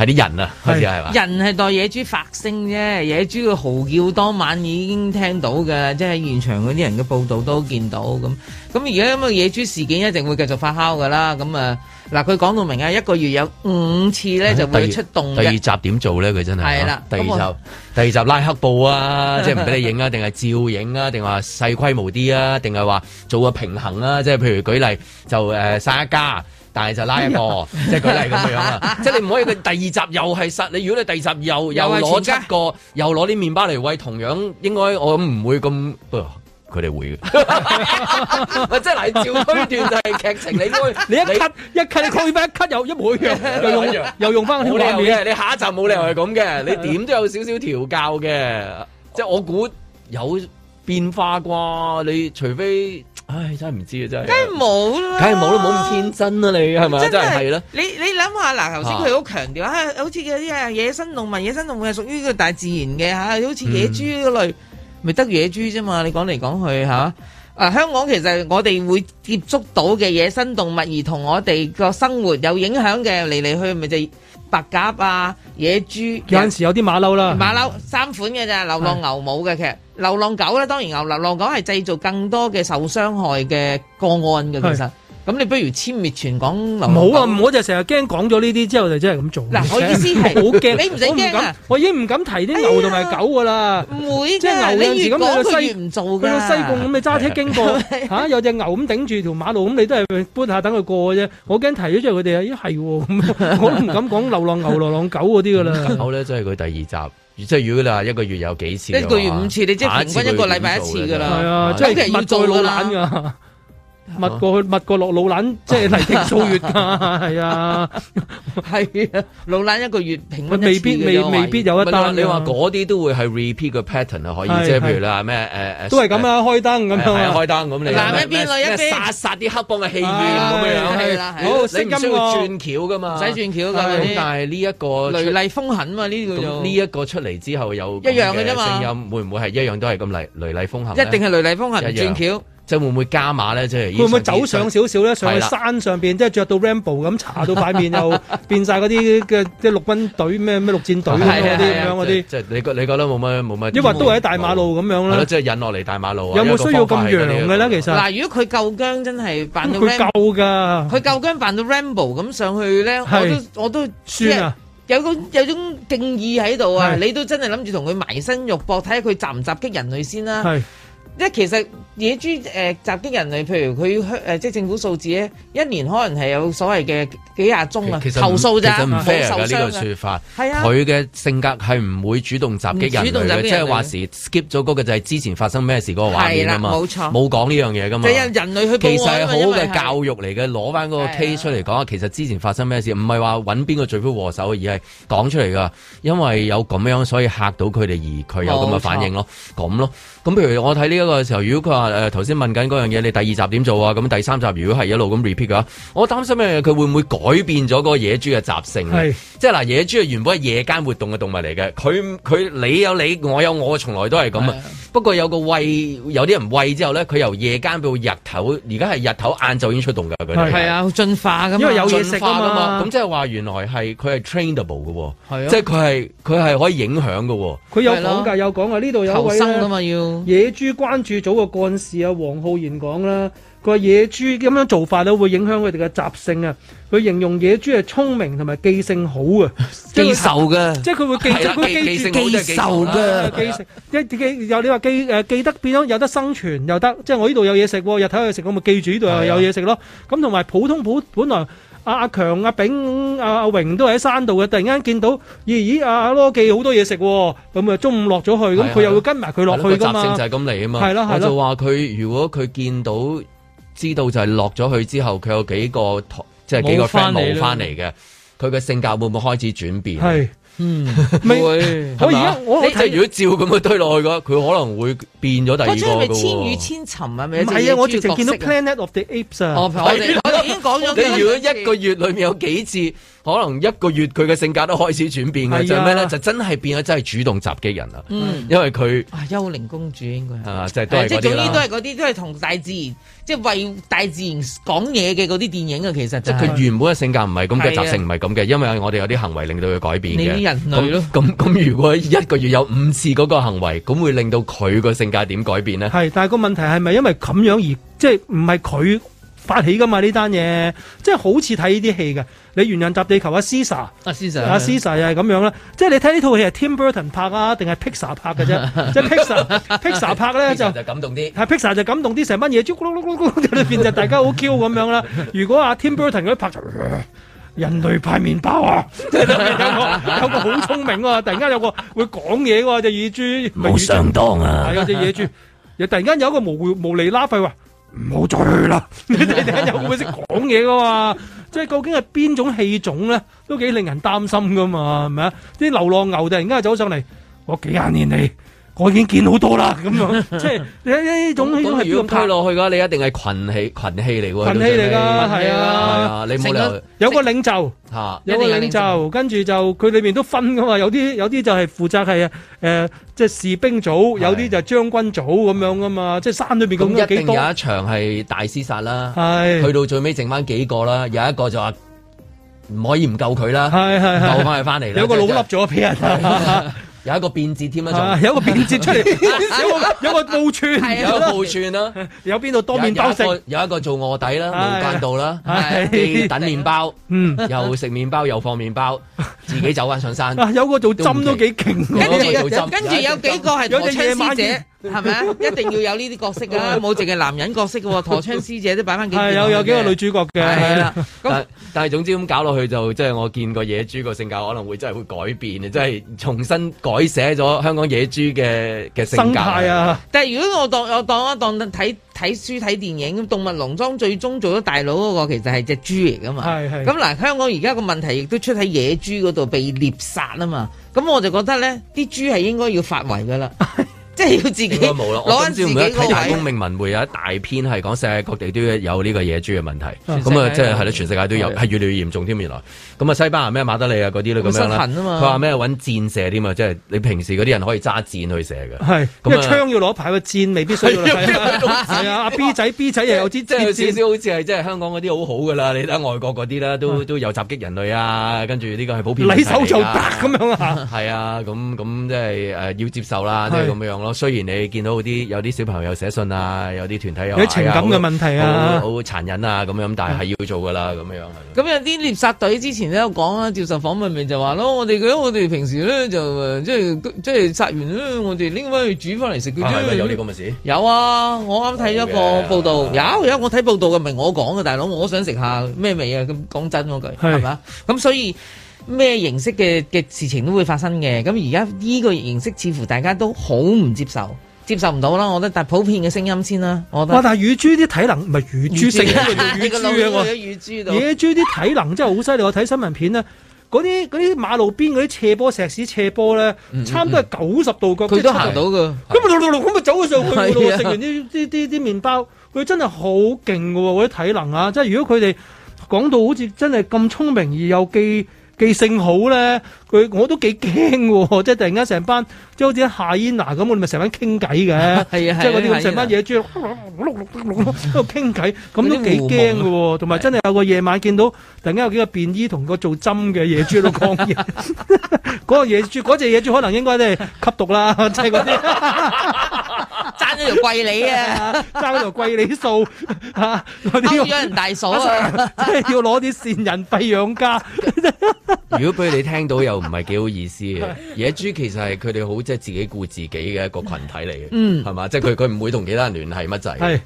係啲人啊，開始係嘛？人係代野豬發聲啫，野豬嘅嚎叫當晚已經聽到嘅，即係現場嗰啲人嘅報道都見到咁。咁而家咁嘅野豬事件一定會繼續發酵㗎啦。咁啊，嗱佢講到明啊，一個月有五次咧就會出動、啊第。第二集點做咧？佢真係。係啦了。第二集，那我 第二集拉黑布啊， *laughs* 即係唔俾你影啊，定係照影啊，定係話細規模啲啊，定係話做個平衡啊？即係譬如舉例就誒殺、呃、一家。但係就拉一個，即係佢係咁樣啦！即係你唔可以佢第二集又係實你，如果你第二集又又攞一個，又攞啲麵包嚟餵，同樣應該我唔會咁，佢哋會。咪即係嚟照推斷就係劇情你推，你一 cut 一 cut 你 cookie 一 cut 又一模一樣，又用翻，又用翻。冇理由嘅，你下一集冇理由係咁嘅，你點都有少少調教嘅，即係我估有變化啩？你除非。唉，真係唔知啊！真係是，梗係冇啦，梗係冇啦，冇咁天真啦，你係咪？真係係啦。你你諗下嗱，頭先佢好強調啊，啊，好似嗰啲野生動物、野生動物係屬於個大自然嘅嚇、啊，好似野豬嗰類，咪得、嗯、野豬啫嘛？你講嚟講去嚇，啊，啊香港其實我哋會接觸到嘅野生動物，而同我哋個生活有影響嘅嚟嚟去，咪就。白鴿啊，野豬有陣時有啲馬騮啦，馬騮三款嘅啫，流浪牛冇嘅是其實流浪狗咧，當然牛，流浪狗係製造更多嘅受傷害嘅個案嘅其實。咁你不如殲滅全港，唔好啊！我就成日驚講咗呢啲之後就真係咁做。嗱，我意思係唔好驚，你唔使驚啊！我已經唔敢提啲牛同埋狗噶啦，唔會。即係牛市咁去西貢，去到西貢咁你揸車經過，吓有隻牛咁頂住條馬路，咁你都係搬下等佢過啫。我驚提咗之後佢哋啊，一係咁，我都唔敢講流浪牛、流浪狗嗰啲噶啦。好咧，即係佢第二集，即係如果嗱，一個月有幾次？一個月五次，你即係平均一個禮拜一次噶啦。係啊，即係其實要做老懶噶。物過去，物過落老懶，即係嚟積數月㗎，係啊，係啊，老懶一個月平。未必，未未必有一單。你話嗰啲都會係 repeat 個 pattern 啊，可以，即係譬如你話咩誒誒，都係咁啊，開燈咁啊，開燈咁你。男一邊，女一邊，殺殺啲黑幫嘅氣焰咁樣。好，聲音會轉橋噶嘛？使轉橋噶，但係呢一個雷厲風行嘛？呢個呢一個出嚟之後有一樣嘅啫嘛。聲音會唔會係一樣都係咁嚟雷厲風行？一定係雷厲風行轉橋。即會唔會加碼咧？即係會唔會走上少少咧？上去山上邊，即係着到 Rambo 咁，搽到塊面又變晒嗰啲嘅即係綠軍隊咩咩綠戰隊嗰啲咁樣嗰啲。即係你你覺得冇乜冇乜。因為都係喺大馬路咁樣咧。即係引落嚟大馬路。有冇需要咁樣嘅咧？其實嗱，如果佢夠姜，真係扮到佢夠㗎，佢夠姜扮到 Rambo 咁上去咧，我都是我都算啊了。有個有種敬意喺度啊，是你都真係諗住同佢埋身肉搏，睇下佢襲唔襲擊人類先啦、係。即係其實野豬誒襲擊人類，譬如佢誒，即、呃、係政府數字咧，一年可能係有所謂嘅幾廿宗啊，投訴唔 fair 噶呢個說法，佢嘅性格係唔會主動襲擊人類嘅，即係話時 skip 咗嗰個就係之前發生咩事嗰個畫面啊嘛，冇講呢樣嘢噶嘛。人類嘛其實係好嘅教育嚟嘅，攞翻嗰個 case 出嚟講啊，的其實之前發生咩事，唔係話揾邊個罪魁禍首，而係講出嚟噶，因為有咁樣所以吓到佢哋，而佢有咁嘅反應咯，咁、哦、錯咯。咁譬如我睇呢一個時候，如果佢話誒頭先問緊嗰樣嘢，你第二集點做啊？咁第三集如果係一路咁 repeat 嘅話，我擔心咩嘢，佢會唔會改變咗個野豬嘅習性？係是，即係嗱，野豬啊原本係夜間活動嘅動物嚟嘅，佢佢你有你，我有我，從來都係咁啊。不過有個餵，有啲人餵之後咧，佢由夜間到日頭，而家係日頭晏晝已經出動噶佢哋。係啊，進化噶，因為有嘢食噶嘛。咁即係話原來係佢係 trainable 噶，係啊、即係佢係佢係可以影響噶。佢有講噶，有講啊，呢度有位啊，生嘛要野豬關注組嘅幹事啊，黃浩然講啦。個野豬咁樣做法咧，會影響佢哋嘅習性啊！佢形容野豬係聰明同埋記性好啊，記仇嘅，即係佢會記得，記住記仇嘅記性，即係記有你話記誒記得變咗有得生存又得，即係我呢度有嘢食，日頭有食，我咪記住呢度又有嘢食咯。咁同埋普通普本來阿阿強、阿炳、阿炳阿榮都喺山度嘅，突然間見到咦咦阿阿羅記好多嘢食，咁啊中午落咗去，咁佢的又會跟埋佢落去。習性就係咁嚟啊嘛。係咯係咯，我就話佢如果佢見到。知道就係落咗去之後，佢有幾個即係幾個 friend 冇翻嚟嘅，佢嘅性格會唔會開始轉變？係，嗯，會。我而家我睇，如果照咁樣推落去嘅，佢可能會變咗第二個。千與千尋啊，係咪？唔係啊，我直情見到 Planet of the Apes 啊。我已經講咗嘅，如果一個月裏面有幾次，可能一個月佢嘅性格都開始轉變嘅，就係咩咧？就真係變咗真係主動襲擊人啦。因為佢幽靈公主應該係，即係即係總之都係嗰啲，都係同大自然。即係為大自然講嘢嘅嗰啲電影啊，其實就係，即係佢 *music* 原本嘅性格唔係咁嘅，習性唔係咁嘅，因為我哋有啲行為令到佢改變嘅。人類咯，咁咁如果一個月有五次嗰個行為，咁會令到佢個性格點改變咧？係，但係個問題係咪因為咁樣而即係唔係佢？就是發起噶嘛，呢單嘢，即係好似睇呢啲戲嘅。你猿人踏地球啊，Sisa，阿 Sisa，阿 Sisa 又係咁樣啦。即係你睇呢套戲係 Tim Burton 拍啊，定係 Pixar 拍嘅啫。即係 Pixar，Pixar 拍咧就就感動啲。係 Pixar 就感動啲，成班野豬，咕嚕嚕嚕嚕，裏邊就大家好 Q 咁樣啦。如果阿 Tim Burton 嗰拍人類派麵包啊，即係有個有個好聰明啊，突然間有個會講嘢喎，隻野豬，唔好上當啊。有隻野豬，突然間有一個無無厘啦，廢話唔好再去啦！ *laughs* 你哋點解又會識講嘢噶嘛？即係究竟係邊種氣種咧，都幾令人擔心噶嘛？係咪啊？啲流浪牛突然間走上嚟，我幾廿年嚟。我已經見好多啦，咁樣即係呢呢種戲係咁樣。如果推落去嘅話，你一定係群戲群戲嚟喎。群戲嚟噶係啊，你冇理由去有個領袖，有個領袖，跟住就佢裏面都分噶嘛。有啲有啲就係負責係誒，即係士兵組，有啲就將軍組咁樣噶嘛。即係山裏邊咁樣一定有一場係大厮殺啦，去到最尾剩翻幾個啦，有一個就話唔可以唔救佢啦，救翻佢翻嚟啦。有個老笠咗俾人。有一個變節添啦，仲 *laughs* 有一個變節出嚟，有個盜串， *laughs* *laughs* *laughs* 有盜串啦，有邊度多麵包食？有一個做卧底啦，冇間道啦，你等麵包， *laughs* 嗯，又食麵包又放麵包，自己走翻上山。 *laughs* 有個做針都幾勁，跟住跟住有幾個係躲親師姐。係咪啊？一定要有呢啲角色噶，冇淨係男人角色噶喎，陀槍師姐都擺翻幾係 *laughs* *laughs* 有有幾個女主角嘅係啦。咁 *laughs* 但係總之咁搞落去就即係、就是、我見過野豬個性格可能會真係會改變啊！即、就、係、是、重新改寫咗香港野豬嘅嘅性格啊！但係如果我當我當一當睇睇書睇電影咁，動物農莊最終做咗大佬嗰個其實係隻豬嚟噶嘛？係咁嗱，香港而家個問題亦都出喺野豬嗰度被獵殺啊嘛！咁我就覺得咧，啲豬係應該要發圍噶啦。 *laughs* 即係要自己，冇啦。我今朝每一睇《大公明文匯》有一大篇係講世界各地都有呢個野豬嘅問題，咁啊，即係係全世界都有，係越嚟越嚴重添。原來咁啊，西班牙咩馬德里啊嗰啲咧，咁啦，佢話咩搵箭射添嘛，即係你平時嗰啲人可以揸箭去射嘅，咁因為槍要攞牌，個箭未必需要。係啊，阿 B 仔 B 仔又有啲，即係好似係即係香港嗰啲好好噶啦。你睇外國嗰啲啦，都都有襲擊人類啊。跟住呢個係普遍。你手就搭咁樣啊？係啊，咁咁即係誒要接受啦，即係咁樣樣咯。雖然你見到啲有啲小朋友寫信啊，有啲團體有啲、啊、情感嘅問題啊，好殘忍啊咁樣，但係要做噶啦咁樣係。咁有啲獵殺隊之前都有講啦，接受訪問咪就話咯，我哋咧我哋平時咧就即係即係殺完咧，我哋拎翻去煮翻嚟食有呢咁嘅事。有啊，我啱睇咗個報道的、啊、報道，有有我睇報道嘅，唔係我講嘅，大佬我想食下咩味啊？咁講真嗰句係嘛？咁是所以。咩形式嘅嘅事情都會發生嘅，咁而家呢個形式似乎大家都好唔接受，接受唔到啦。我覺得，但係普遍嘅聲音先啦。我覺得，但係野豬啲體能唔係野豬食野豬嘅喎，野豬啲體能真係好犀利。我睇新聞片咧，嗰啲啲馬路邊嗰啲斜坡石屎斜坡咧，差唔多係九十度角，佢都行到㗎。咁咪六六六咁咪走上去喎？食完啲啲啲啲麵包，佢真係好勁嘅喎！嗰啲體能啊，即係如果佢哋講到好似真係咁聰明而有記。記性好咧，佢我都幾驚喎，即係突然間成班，即係好似夏嫣娜咁，我哋咪成班傾偈嘅，即係嗰啲咁成班野豬，喺度傾偈，咁都幾驚嘅喎，同埋 *laughs* 真係有個夜晚見到， *laughs* 突然間有幾個便衣同個做針嘅野豬喺度講嘢，嗰 *laughs* *laughs* *laughs* 個野豬隻、嗰隻、野豬可能應該都係吸毒啦，即係嗰啲。 *laughs* 爭咗條貴你啊，爭咗條貴你數吓，偷咗 *laughs* 人大嫂，啊， *laughs* 真係要攞啲善人費養家。 *laughs* *laughs* 如果俾你聽到又唔係幾好意思嘅。野豬 *laughs* 其實係佢哋好即係自己顧自己嘅一個群體嚟嘅，係嘛、 *laughs* 嗯？即係佢佢唔會同其他人聯繫乜滯。 *laughs* 係。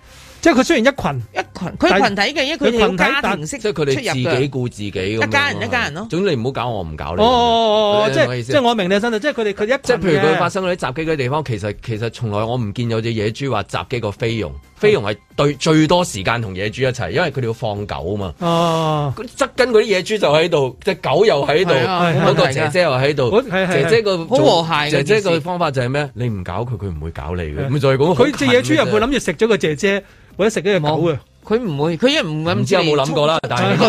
即係佢雖然一群一群，佢係群，群體嘅，因為佢哋家庭式出入嘅，即係佢哋自己顧自己一家人一家人咯。是總之你唔好搞我唔搞你。哦，哦哦哦，即係即係我明你嘅意思，即係佢哋佢一即係譬如佢發生嗰啲襲擊嗰啲地方，其實其實從來我唔見有隻野豬話襲擊個菲傭。飛傭係對最多時間同野豬一齊，因為佢哋要放狗啊嘛。哦、啊，側根嗰啲野豬就喺度，隻狗又喺度，嗰、啊、個姐姐又喺度。啊啊啊、姐姐個好、啊啊、做和諧姐姐個方法就係咩？你唔搞佢，佢唔會搞你嘅。唔再咁。佢隻、那個、野豬又會諗住食咗個姐姐，或者食咗隻狗啊。佢唔會，佢一唔知有冇諗過啦。但係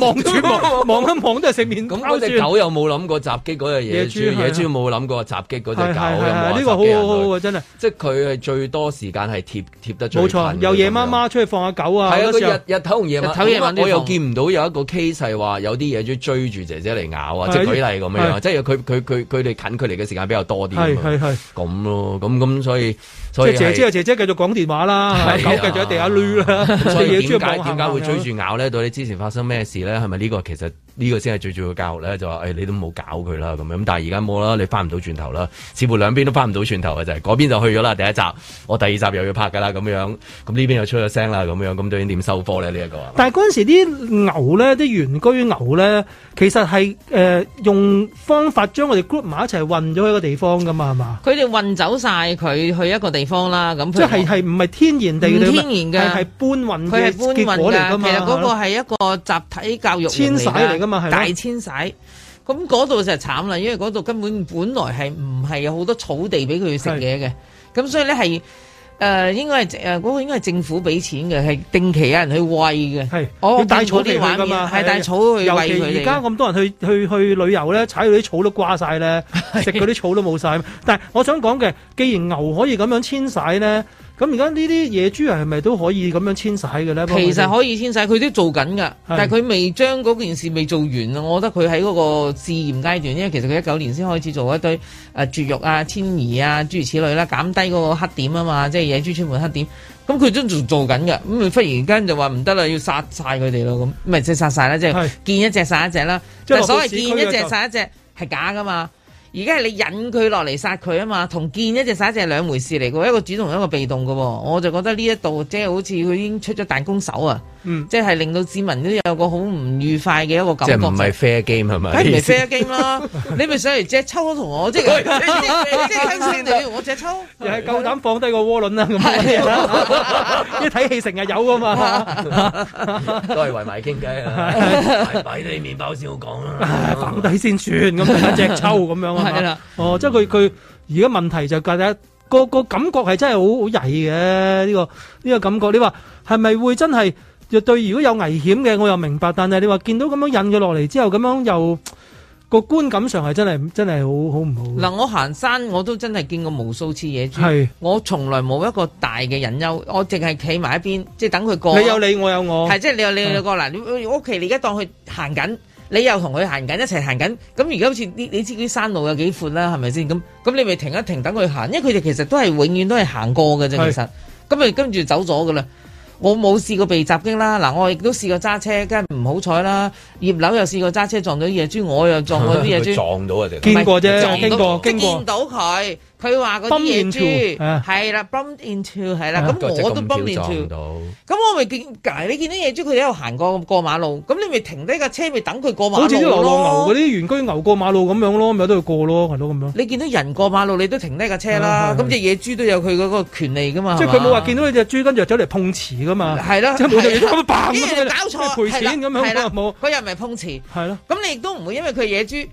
望住望望一望都係食麵。咁嗰隻狗有冇諗過襲擊嗰隻野豬？野豬冇諗過襲擊嗰隻狗。係呢個好好好真係。即係佢係最多時間係貼貼得最近。冇錯，又夜媽媽出去放下狗啊。係啊，佢日日頭同夜晚，我又見唔到有一個 case 係話有啲野豬追住姐姐嚟咬啊，即係舉例咁樣啊。即係佢佢佢哋近距離嘅時間比較多啲。係係係。咁咯，咁咁所以。即係姐姐啊！姐姐，姐，繼續講電話啦，啊、狗繼續喺地下攣啦。 *laughs* 所以點解點解會追住咬咧？到底 *laughs* 之前發生咩事咧？係咪呢個其實呢、呢個先係最重要嘅教育咧？就話誒、哎，你都冇搞佢啦，咁樣。但係而家冇啦，你翻唔到轉頭啦。似乎兩邊都翻唔到轉頭嘅就係、係、嗰邊就去咗啦。第一集，我第二集又要拍㗎啦，咁樣。咁呢邊又出咗聲啦，咁樣。咁究竟點收科咧？呢一個。但係嗰陣時啲牛咧，啲原居牛咧，其實係誒、呃、用方法將我哋 group 埋一齊運咗去個地方㗎嘛，係嘛？佢哋運走晒佢去一個地方。方啦，咁即係係唔係天然地嘅，係搬運嘅結果嚟噶嘛？其實嗰個係一個集體教育遷徙嚟噶嘛，大遷徙。咁嗰度就慘啦，因為嗰度根本本來係唔係有好多草地俾佢食嘢嘅，咁的所以咧係。誒、呃，應該係誒，個、呃、應該係政府俾錢嘅，係定期有人去餵嘅。係是，哦，帶帶草啲嘅嘛，係帶草去餵佢哋。尤其而家咁多人去去去旅遊咧，踩到啲草都瓜晒咧，食嗰啲草都冇晒。 *laughs* 但係我想講嘅，既然牛可以咁樣遷徙咧。咁而家呢啲野豬啊，係咪都可以咁樣遷徙嘅咧？其實可以遷徙，佢都做緊噶，是但係佢未將嗰件事未做完啊！我覺得佢喺嗰個試驗階段，因為其實佢一九年先開始做一堆誒絕育啊、遷移啊諸如此類啦，減低嗰個黑點啊嘛，即係野豬出沒黑點。咁佢都仲做緊噶，咁佢忽然間就話唔得啦，要殺晒佢哋咯，咁咪即係殺晒啦，即係、就是、見一隻是殺一隻啦。但係所謂見一隻、就是、殺一隻係假噶嘛。而家係你引佢落嚟殺佢啊嘛，同見一隻殺一隻係兩回事嚟嘅，一個主動一個被動嘅喎，我就覺得呢一度即係好似佢已經出咗彈弓手啊，即係、嗯、令到市民都有個好唔愉快嘅一個感覺，即係唔係 fair game 係咪？係唔係 fair game 啦、啊？你咪上嚟隻抽同我即係，你啲你啲兄弟，我隻抽又係夠膽放低個窩輪 *laughs* *laughs* *laughs* 啊？咁，一睇戲成日有啊嘛，都係圍埋傾偈啊，擺啲麵包先好講啦，捧底先算咁，一抽咁樣啊～係啦，哦，即係佢佢而家問題就係第一個個感覺係真係好好曳嘅呢個呢個感覺。你話係咪會真係對？如果有危險嘅，我又明白。但係你話見到咁樣引咗落嚟之後，咁樣又個觀感上係真係真係好好唔好？嗱，我行山我都真係見過無數次嘢，係我從來冇一個大嘅隱憂，我淨係企埋一邊，即係等佢過。你有你，我有我，係即係你有你，你過嚟。你我屋企，你而家當佢行緊。你又同佢行緊，一齊行緊，咁而家好似你你知嗰啲山路有幾闊啦，係咪先？咁咁你咪停一停，等佢行，因為佢哋其實都係永遠都係行過嘅啫，其實，咁咪是跟住走咗噶啦。我冇試過被襲擊啦，嗱，我亦都試過揸車，梗係唔好彩啦。葉劉又試過揸車撞到啲野豬，我又撞到啲野豬， *laughs* 撞到啊，就是見過啫，經過，經過，見過，見到佢。佢話嗰啲野豬係啦，bumped into 係啦，咁我都 bumped into，咁我咪見你見到野豬佢一路行過，過馬路，咁你咪停低架車，咪等佢過馬路，好似啲流浪牛嗰啲原居牛過馬路咁樣咯，咪等佢過咯，係咯咁樣。你見到人過馬路，你都停低架車啦。咁隻野豬都有佢嗰個權利噶嘛。即係佢冇話見到你隻豬跟住走嚟碰瓷噶嘛。係咯，啲嘢搞錯，賠錢咁樣，係啦，冇。佢又唔係碰瓷。係咯。咁你亦都唔會因為佢係野豬。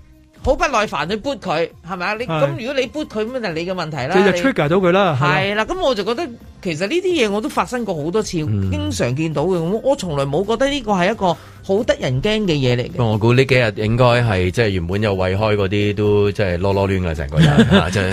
好不耐煩去撥佢，係咪啊？你咁是如果你撥佢咁就係你嘅問題啦。你就 trigger 到佢啦。係你啦，咁我就覺得其實呢啲嘢我都發生過好多次，嗯、經常見到嘅。我我從來冇覺得呢個係一個。好得人驚嘅嘢嚟嘅，我估呢幾日應該係即係原本有餵開嗰啲都即係囉囉攣嘅成個人、啊，即係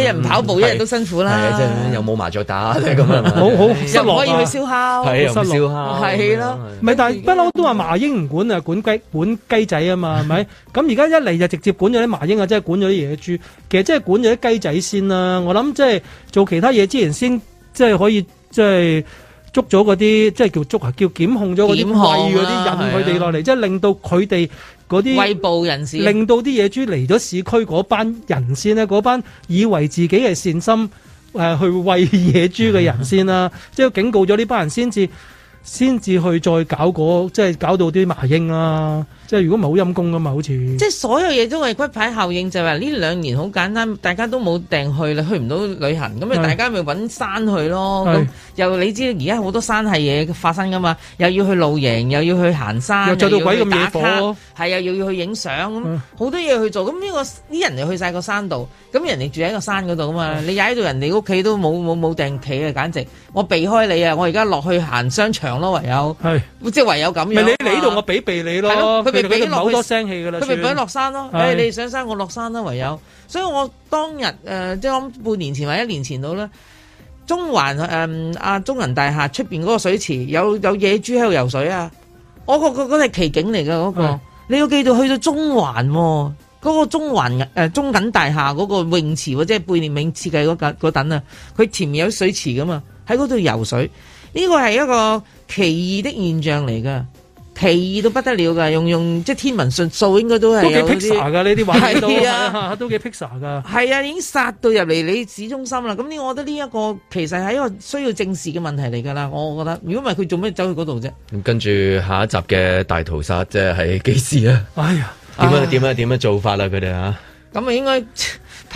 一日唔跑步，嗯、一日都辛苦啦。係真，又冇麻雀打，你咁啊，好好、 *laughs* 嗯、又可以去燒烤，係 *laughs* 又可以去燒烤，係咯。咪但係不嬲都話麻鷹唔管啊，管雞管雞仔啊嘛，係咪？咁而家一嚟就直接管咗啲麻鷹啊，即、就、係、是、管咗啲野豬，其實即係管咗啲雞仔先啦、啊。我諗即係做其他嘢之前先，即係可以即係。就是就是捉咗嗰啲即係叫捉，叫捉，叫捉，捉，捉啊，叫檢控咗嗰啲餵人佢哋落嚟，即係令到佢哋嗰啲餵捕人士，令到啲野豬嚟咗市區嗰班人先咧，嗰班以為自己係善心誒去餵野豬嘅人先啦，即係警告咗呢班人先至。先至去再搞嗰、那個，即係搞到啲麻英啦、啊！即係如果唔係好陰功㗎嘛，好似即係所有嘢都係骨牌效應，就係話呢兩年好簡單，大家都冇埞去啦，去唔到旅行，咁咪大家咪揾山去咯。咁是 又你知而家好多山係嘢發生㗎嘛？又要去露營，又要去行山，又做到鬼咁野火，係又又要去影相，好多嘢去做。咁呢、這個啲人又去晒個山度，咁人哋住喺個山嗰度啊嘛，是 你踩到人哋屋企都冇冇冇埞企啊！簡直我避開你啊！我而家落去行商場。咯，唯有係，是即係唯有咁樣。你你度我比比你咯，佢咪比好多聲氣噶啦，佢咪比落山咯。誒算、哎，你上山我落山咯，唯有。是所以我當日誒、呃，即係我半年前或一年前到啦。中環誒，阿、嗯、中銀大廈出邊嗰個水池有有野豬喺度游水啊！我個個嗰係奇景嚟噶嗰個，你要記住去到中環嗰、啊那個中環誒、呃、中錦大廈嗰個泳池，或者係貝聿銘設計嗰間嗰等啊，佢、那個那個、前面有水池噶嘛，喺嗰度游水。呢個係一個。奇異的現象嚟噶，奇異到不得了噶，用用即係天文迅數，應該都係有啲嘅呢啲話都係啲啊，都幾 Pixar 噶，係啊，已經殺到入嚟你市中心啦。咁呢，我覺得呢一個其實係一個需要正視嘅問題嚟噶啦。我覺得如果唔係佢做咩走去嗰度啫？咁跟住下一集嘅大屠殺即係幾時啊哎？哎呀，點樣點、哎、呀樣點樣，樣做法啦？佢哋啊，咁啊應該。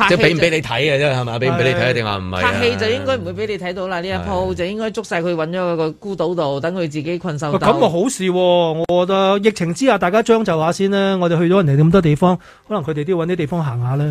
即係俾唔俾你睇嘅啫係嘛，俾唔俾你睇定話唔係？拍戲就應該唔會俾你睇到啦，呢的一鋪的就應該捉晒佢揾咗個孤島度，等佢自己困獸。咁啊好事喎、啊！我覺得疫情之下，大家將就下先啦。我哋去咗人哋咁多地方，可能佢哋都要揾啲地方行下啦。